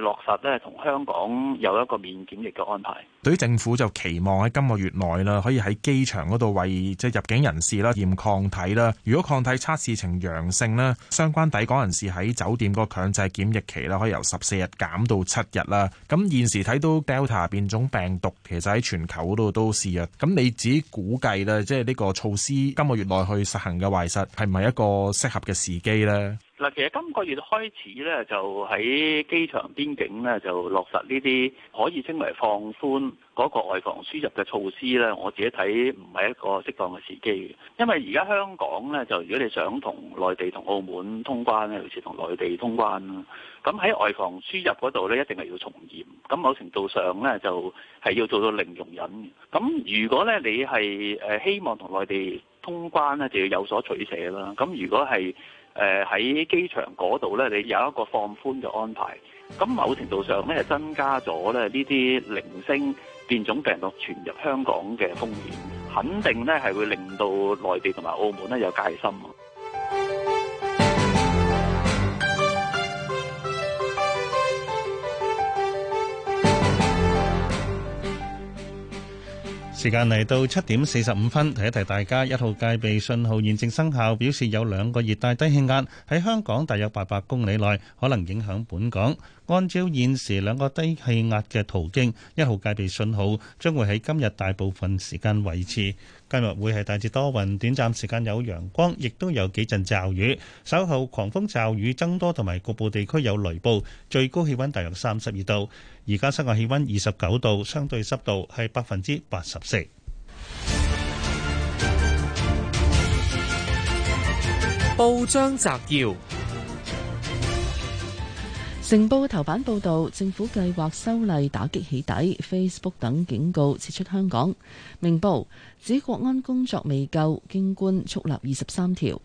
落實咧，同香港有一個免檢疫嘅安排。對於政府就期望喺今個月內啦，可以喺機場嗰度為即係入境人士啦驗抗體啦。如果抗體測試呈陽性咧，相關抵港人士喺酒店個強制檢疫期咧，可以由十四日減到七日啦。咁現時睇到 Delta 變種病毒其實喺全球度都肆虐。咁你自己估計咧，即係呢個措施今個月來去實行嘅壞實係唔係一個適合嘅時機咧？嗱，其實今個月開始咧，就喺機場邊境咧，就落實呢啲可以稱為放寬嗰個外防輸入嘅措施咧。我自己睇唔係一個適當嘅時機嘅，因為而家香港咧，就如果你想同內地同澳門通關咧，尤其是同內地通關啦，咁喺外防輸入嗰度咧，一定係要從嚴。咁某程度上咧，就係要做到零容忍。咁如果咧，你係誒希望同內地通關咧，就要有所取捨啦。咁如果係誒喺機場嗰度咧，你有一個放寬嘅安排，咁某程度上咧，增加咗咧呢啲零星變種病毒傳入香港嘅風險，肯定咧係會令到內地同埋澳門咧有戒心。時間嚟到七點四十五分，提一提大家，一號戒備信號現正生效，表示有兩個熱帶低氣壓喺香港大約八百公里內，可能影響本港。按照現時兩個低氣壓嘅途徑，一號戒備信號將會喺今日大部分時間維持。今日會係大致多雲，短暫時間有陽光，亦都有幾陣驟雨。稍後狂風驟雨增多，同埋局部地區有雷暴。最高氣温大約三十二度。而家室外氣温二十九度，相對濕度係百分之八十四。報章摘要。成報頭版報導，政府計劃修例打擊起底，Facebook 等警告撤出香港。明報指國安工作未夠，京官促立二十三條。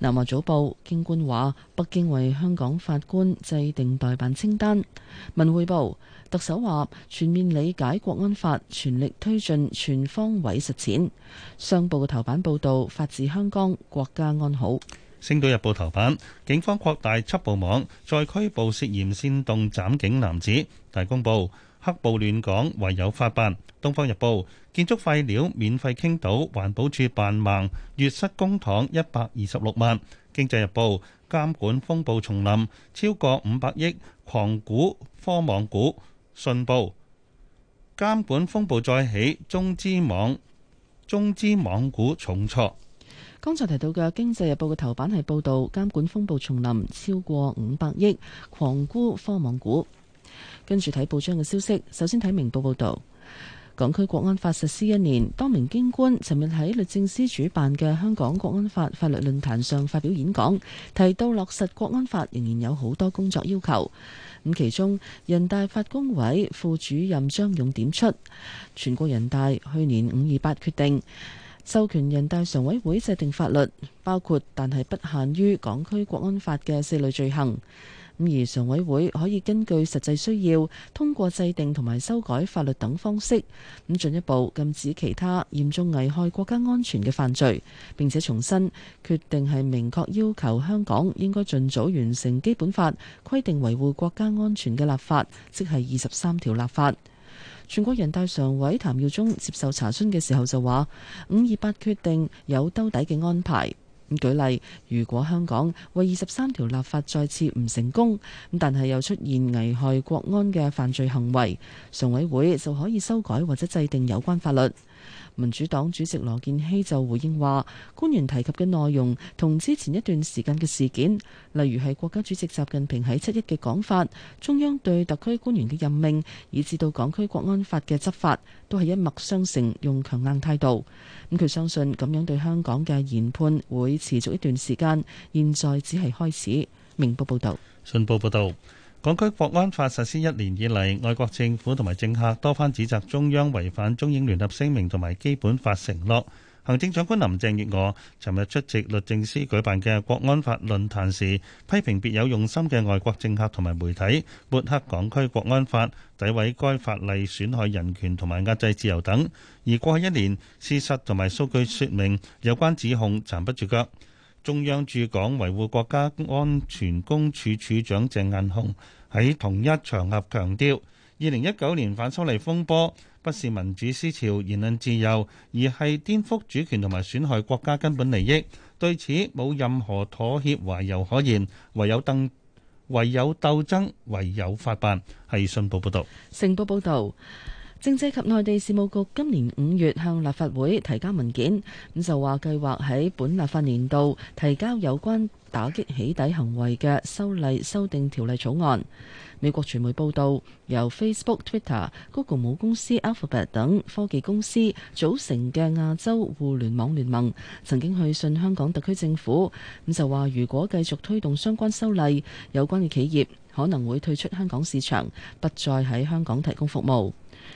南華早報，京官話，北京為香港法官制定待辦清單。文匯報特首話，全面理解國安法，全力推進全方位實踐。商報嘅頭版報導，法治香港，國家安好。星島日報頭版，警方擴大緝捕網，再拘捕涉嫌煽動斬警男子。大公報黑暴亂港，唯有法辦。東方日報建築廢料免費傾倒，環保署辦盲。粵西公帑一百二十六萬。經濟日報監管風暴重臨，超過五百億狂股科網股信報監管風暴再起，中資網中資網股重挫。剛才提到嘅《經濟日報》嘅頭版係報道監管風暴叢林，超過五百億狂沽科網股。跟住睇報章嘅消息，首先睇明報報道，港區國安法實施一年，多名京官尋日喺律政司主辦嘅香港國安法法律論壇上發表演講，提到落實國安法仍然有好多工作要求。咁其中，人大法工委副主任張勇點出，全國人大去年五二八決定。授權人大常委會制定法律，包括但係不限於港區國安法嘅四類罪行。咁而常委會可以根據實際需要，通過制定同埋修改法律等方式，咁進一步禁止其他嚴重危害國家安全嘅犯罪。並且重申決定係明確要求香港應該盡早完成基本法規定維護國家安全嘅立法，即係二十三條立法。全國人大常委譚耀宗接受查詢嘅時候就話：五二八決定有兜底嘅安排。咁舉例，如果香港為二十三條立法再次唔成功，咁但係又出現危害國安嘅犯罪行為，常委會就可以修改或者制定有關法律。民主黨主席羅健熙就回應話，官員提及嘅內容同之前一段時間嘅事件，例如係國家主席習近平喺七一嘅講法，中央對特區官員嘅任命，以至到港區國安法嘅執法，都係一脈相承，用強硬態度。咁佢相信咁樣對香港嘅研判會持續一段時間，現在只係開始。明報報道，信報報道。港區國安法實施一年以嚟，外國政府同埋政客多番指責中央違反中英聯合聲明同埋基本法承諾。行政長官林鄭月娥尋日出席律政司舉辦嘅國安法論壇時，批評別有用心嘅外國政客同埋媒體抹黑港區國安法，詆毀該法例損害人權同埋壓制自由等。而過去一年，事實同埋數據說明有關指控站不住腳。中央駐港維護國家安全公署署,署長鄭雁雄喺同一場合強調：二零一九年反修例風波不是民主思潮、言論自由，而係顛覆主權同埋損害國家根本利益。對此冇任何妥協、懷柔可言，唯有鬥唯有鬥爭，唯有法辦。係信報報道，信報報道。政制及內地事務局今年五月向立法會提交文件，咁就話計劃喺本立法年度提交有關打擊起底行為嘅修例修訂條例草案。美國傳媒報道，由 Facebook、Twitter、Google 母公司 Alphabet 等科技公司組成嘅亞洲互聯網聯盟曾經去信香港特區政府，咁就話如果繼續推動相關修例，有關嘅企業可能會退出香港市場，不再喺香港提供服務。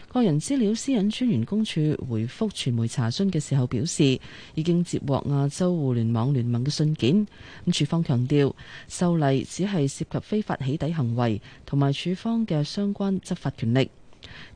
個人資料私隱專員公署回覆傳媒查詢嘅時候表示，已經接獲亞洲互聯網聯盟嘅信件。咁處方強調，受例只係涉及非法起底行為同埋處方嘅相關執法權力。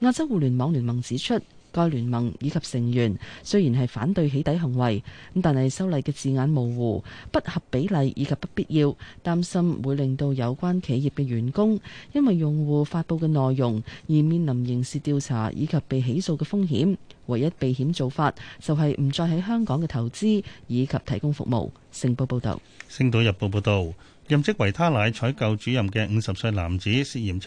亞洲互聯網聯盟指出，該聯盟以及成員雖然係反對起底行為，咁但係修例嘅字眼模糊、不合比例以及不必要，擔心會令到有關企業嘅員工因為用戶發布嘅內容而面臨刑事調查以及被起訴嘅風險。唯一避險做法就係唔再喺香港嘅投資以及提供服務。成報報導，《星島日報》報道。任職維他奶採購主任嘅50歲男子涉嫌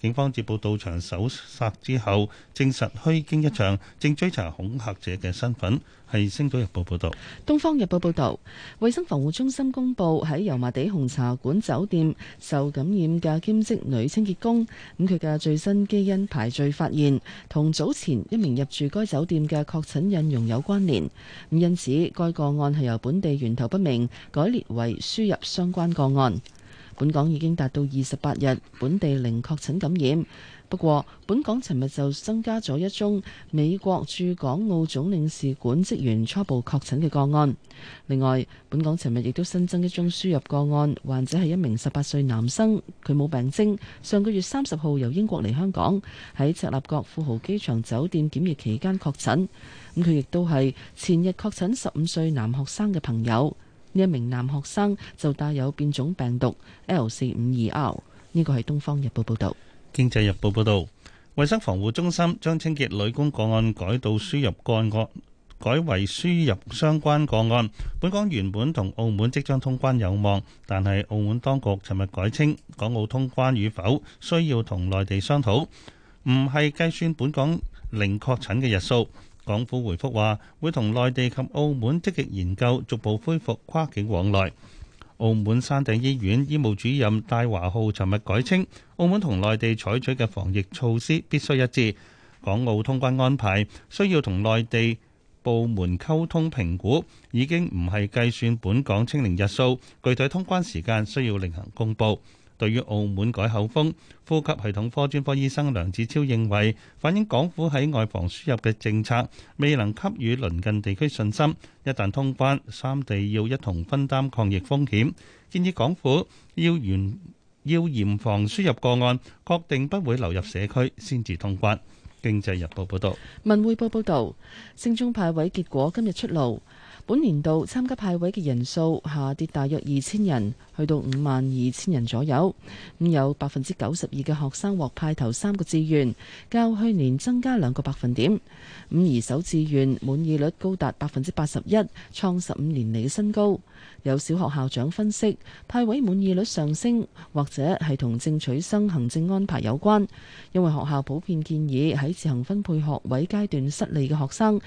警方接報到場搜殺之後，證實虛驚一場，正追查恐嚇者嘅身份。係《星島日報》報道。《東方日報》報道，衛生防護中心公布喺油麻地紅茶館酒店受感染嘅兼職女清潔工，咁佢嘅最新基因排序發現，同早前一名入住該酒店嘅確診印傭有關聯。因此，該個案係由本地源頭不明改列為輸入相關個案。本港已經達到二十八日本地零確診感染，不過本港尋日就增加咗一宗美國駐港澳總領事館職員初步確診嘅個案。另外，本港尋日亦都新增一宗輸入個案，患者係一名十八歲男生，佢冇病徵，上個月三十號由英國嚟香港，喺赤鱲角富豪機場酒店檢疫期間確診。咁佢亦都係前日確診十五歲男學生嘅朋友。一名男學生就帶有變種病毒 L 四五二 R，呢個係《東方日報》報導，《經濟日報》報導，衞生防護中心將清潔女工個案改到輸入個案，改為輸入相關個案。本港原本同澳門即將通關有望，但係澳門當局尋日改稱，港澳通關與否需要同內地商討，唔係計算本港零確診嘅日數。港府回覆話，會同內地及澳門積極研究，逐步恢復跨境往來。澳門山頂醫院醫務主任戴華浩尋日改稱，澳門同內地採取嘅防疫措施必須一致。港澳通關安排需要同內地部門溝通評估，已經唔係計算本港清零日數，具體通關時間需要另行公布。對於澳門改口風，呼吸系統科專科醫生梁子超認為，反映港府喺外防輸入嘅政策未能給予鄰近地區信心。一旦通關，三地要一同分擔抗疫風險，建議港府要嚴要嚴防輸入個案，確定不會流入社區先至通關。經濟日報報導，文匯報報導，升中派位結果今日出爐，本年度參加派位嘅人數下跌大約二千人。去到五萬二千人左右，咁有百分之九十二嘅學生獲派頭三個志願，較去年增加兩個百分點。咁而首志願滿意率高達百分之八十一，創十五年嚟嘅新高。有小學校長分析，派位滿意率上升或者係同正取生行政安排有關，因為學校普遍建議喺自行分配學位階段失利嘅學生，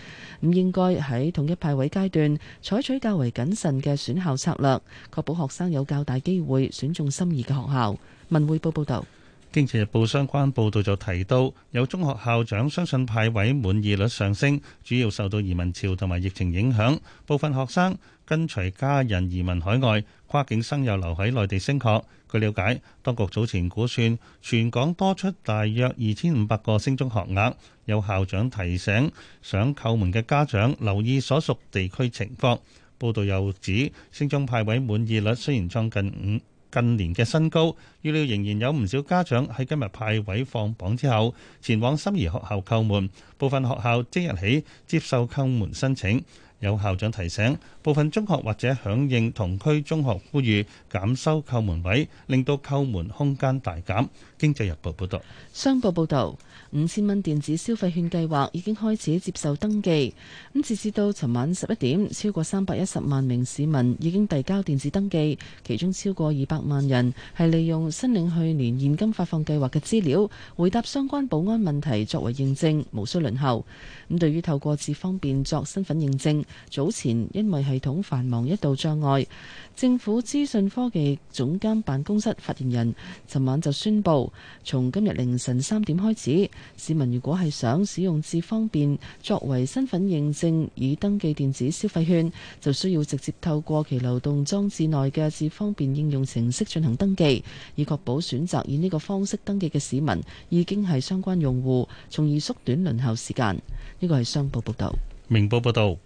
唔應該喺統一派位階段採取較為謹慎嘅選校策略，確保學生有較。大機會選中心儀嘅學校。文匯報報道。《經濟日報》相關報導就提到，有中學校長相信派位滿意率上升，主要受到移民潮同埋疫情影響。部分學生跟隨家人移民海外，跨境生又留喺內地升學。據了解，當局早前估算全港多出大約二千五百個升中學額。有校長提醒想叩門嘅家長留意所屬地區情況。報導又指，升中派位滿意率雖然創近五近年嘅新高，預料仍然有唔少家長喺今日派位放榜之後前往心儀學校叩門。部分學校即日起接受叩門申請。有校長提醒，部分中學或者響應同區中學呼籲減收叩門位，令到叩門空間大減。經濟日報報導，商報報導。五千蚊電子消費券計劃已經開始接受登記，咁截至到尋晚十一點，超過三百一十萬名市民已經遞交電子登記，其中超過二百萬人係利用申領去年現金發放計劃嘅資料回答相關保安問題作為認證，無需輪候。咁對於透過此方便作身份認證，早前因為系統繁忙一度障礙，政府資訊科技總監辦公室發言人尋晚就宣布，從今日凌晨三點開始。市民如果係想使用智方便作為身份認證，以登記電子消費券，就需要直接透過其流動裝置內嘅智方便應用程式進行登記，以確保選擇以呢個方式登記嘅市民已經係相關用戶，從而縮短輪候時間。呢個係商報報道。明報報道。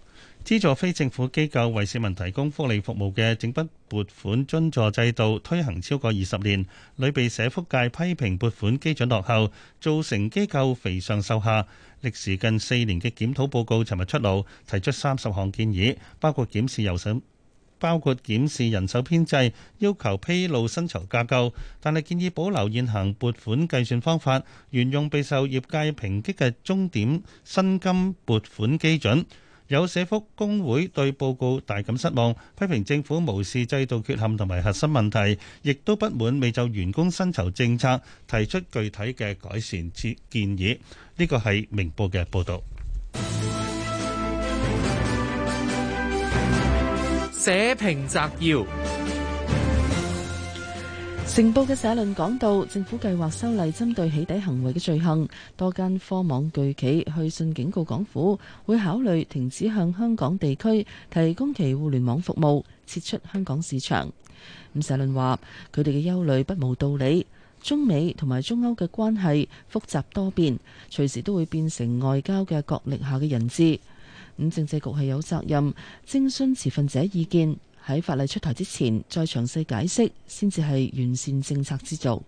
資助非政府機構為市民提供福利服務嘅整筆撥款津助制度推行超過二十年，屢被社福界批評撥款基準落後，造成機構肥上瘦下。歷時近四年嘅檢討報告，尋日出爐，提出三十項建議，包括檢視油省，包括檢視人手編制，要求披露薪酬架構，但係建議保留現行撥款計算方法，沿用備受業界抨擊嘅終點薪金撥款基準。有社福工會對報告大感失望，批評政府無視制度缺陷同埋核心問題，亦都不滿未就員工薪酬政策，提出具體嘅改善建議，呢個係明報嘅報導。社評摘要。成報嘅社論講到，政府計劃修例針對起底行為嘅罪行，多間科網巨企去信警告港府會考慮停止向香港地區提供其互聯網服務，撤出香港市場。咁社論話佢哋嘅憂慮不無道理，中美同埋中歐嘅關係複雜多變，隨時都會變成外交嘅角力下嘅人質。咁政制局係有責任徵詢持份者意見。喺法例出台之前，再詳細解釋，先至係完善政策之道，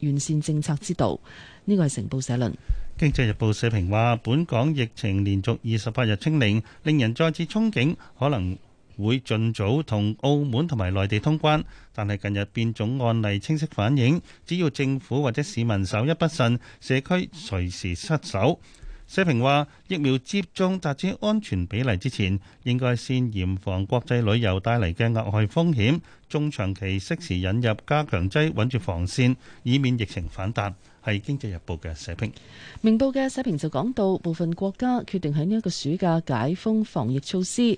完善政策之道。呢個係《成報》社論，《經濟日報》社評話：本港疫情連續二十八日清零，令人再次憧憬可能會盡早同澳門同埋內地通關。但係近日變種案例清晰反映，只要政府或者市民稍一不慎，社區隨時失守。社評話，疫苗接種達至安全比例之前，應該先嚴防國際旅遊帶嚟嘅額外風險，中長期適時引入加強劑穩住防線，以免疫情反彈。係《經濟日報》嘅社評。明報嘅社評就講到，部分國家決定喺呢一個暑假解封防疫措施。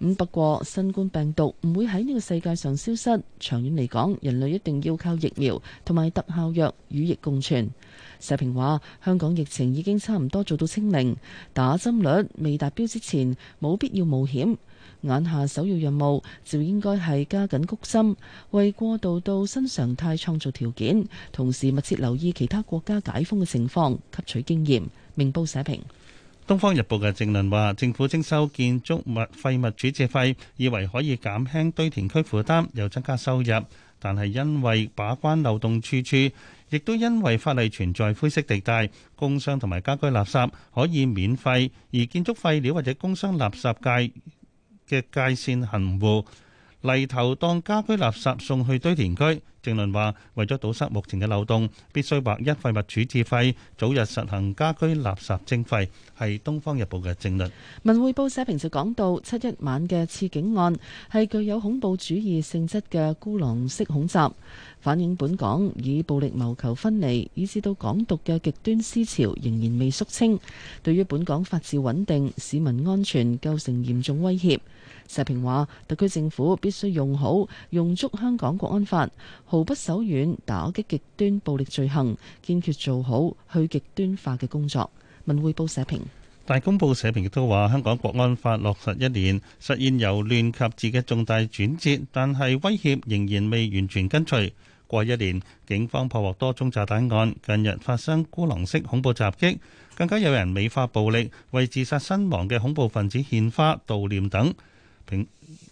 咁不過，新冠病毒唔會喺呢個世界上消失，長遠嚟講，人類一定要靠疫苗同埋特效藥與疫共存。社評話：香港疫情已經差唔多做到清零，打針率未達標之前，冇必要冒險。眼下首要任務就應該係加緊谷心，為過渡到新常態創造條件，同時密切留意其他國家解封嘅情況，吸取經驗。明報社評。《東方日報》嘅評論話：政府徵收建築物廢物處置費，以為可以減輕堆填區負擔，又增加收入，但係因為把關漏洞處處。亦都因為法例存在灰色地帶，工商同埋家居垃圾可以免費，而建築廢料或者工商垃圾界嘅界線含糊，泥頭當家居垃圾送去堆填區。政論話，為咗堵塞目前嘅漏洞，必須劃一廢物處置費，早日實行家居垃圾徵費。係《東方日報》嘅政論。文匯報社評就講到，七一晚嘅刺警案係具有恐怖主義性質嘅孤狼式恐襲。反映本港以暴力謀求分離，以至到港獨嘅極端思潮仍然未肅清，對於本港法治穩定、市民安全構成嚴重威脅。社評話，特區政府必須用好、用足香港國安法，毫不手軟打擊極端暴力罪行，堅決做好去極端化嘅工作。文匯報社評，大公報社評亦都話，香港國安法落實一年，實現由亂及治嘅重大轉折，但係威脅仍然未完全根除。過一年，警方破獲多宗炸彈案。近日發生孤狼式恐怖襲擊，更加有人美化暴力，為自殺身亡嘅恐怖分子獻花悼念等，並。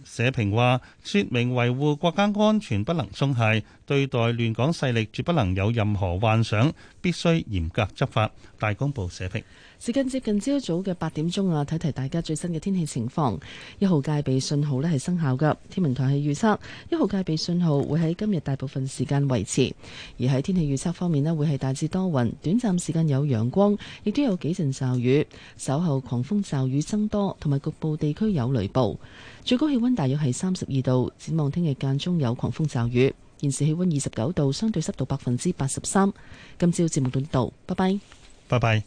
社評話，說明維護國家安全不能鬆懈，對待亂港勢力絕不能有任何幻想，必須嚴格執法。大公報社評。時間接近朝早嘅八點鐘啊，睇睇大家最新嘅天氣情況。一號戒備信號呢係生效噶。天文台係預測一號戒備信號會喺今日大部分時間維持，而喺天氣預測方面呢，會係大致多雲，短暫時間有陽光，亦都有幾陣驟雨，稍後狂風驟雨增多，同埋局部地區有雷暴。最高氣溫大約係三十二度，展望聽日間中有狂風驟雨。現時氣溫二十九度，相對濕度百分之八十三。今朝節目到呢度，拜拜。拜拜。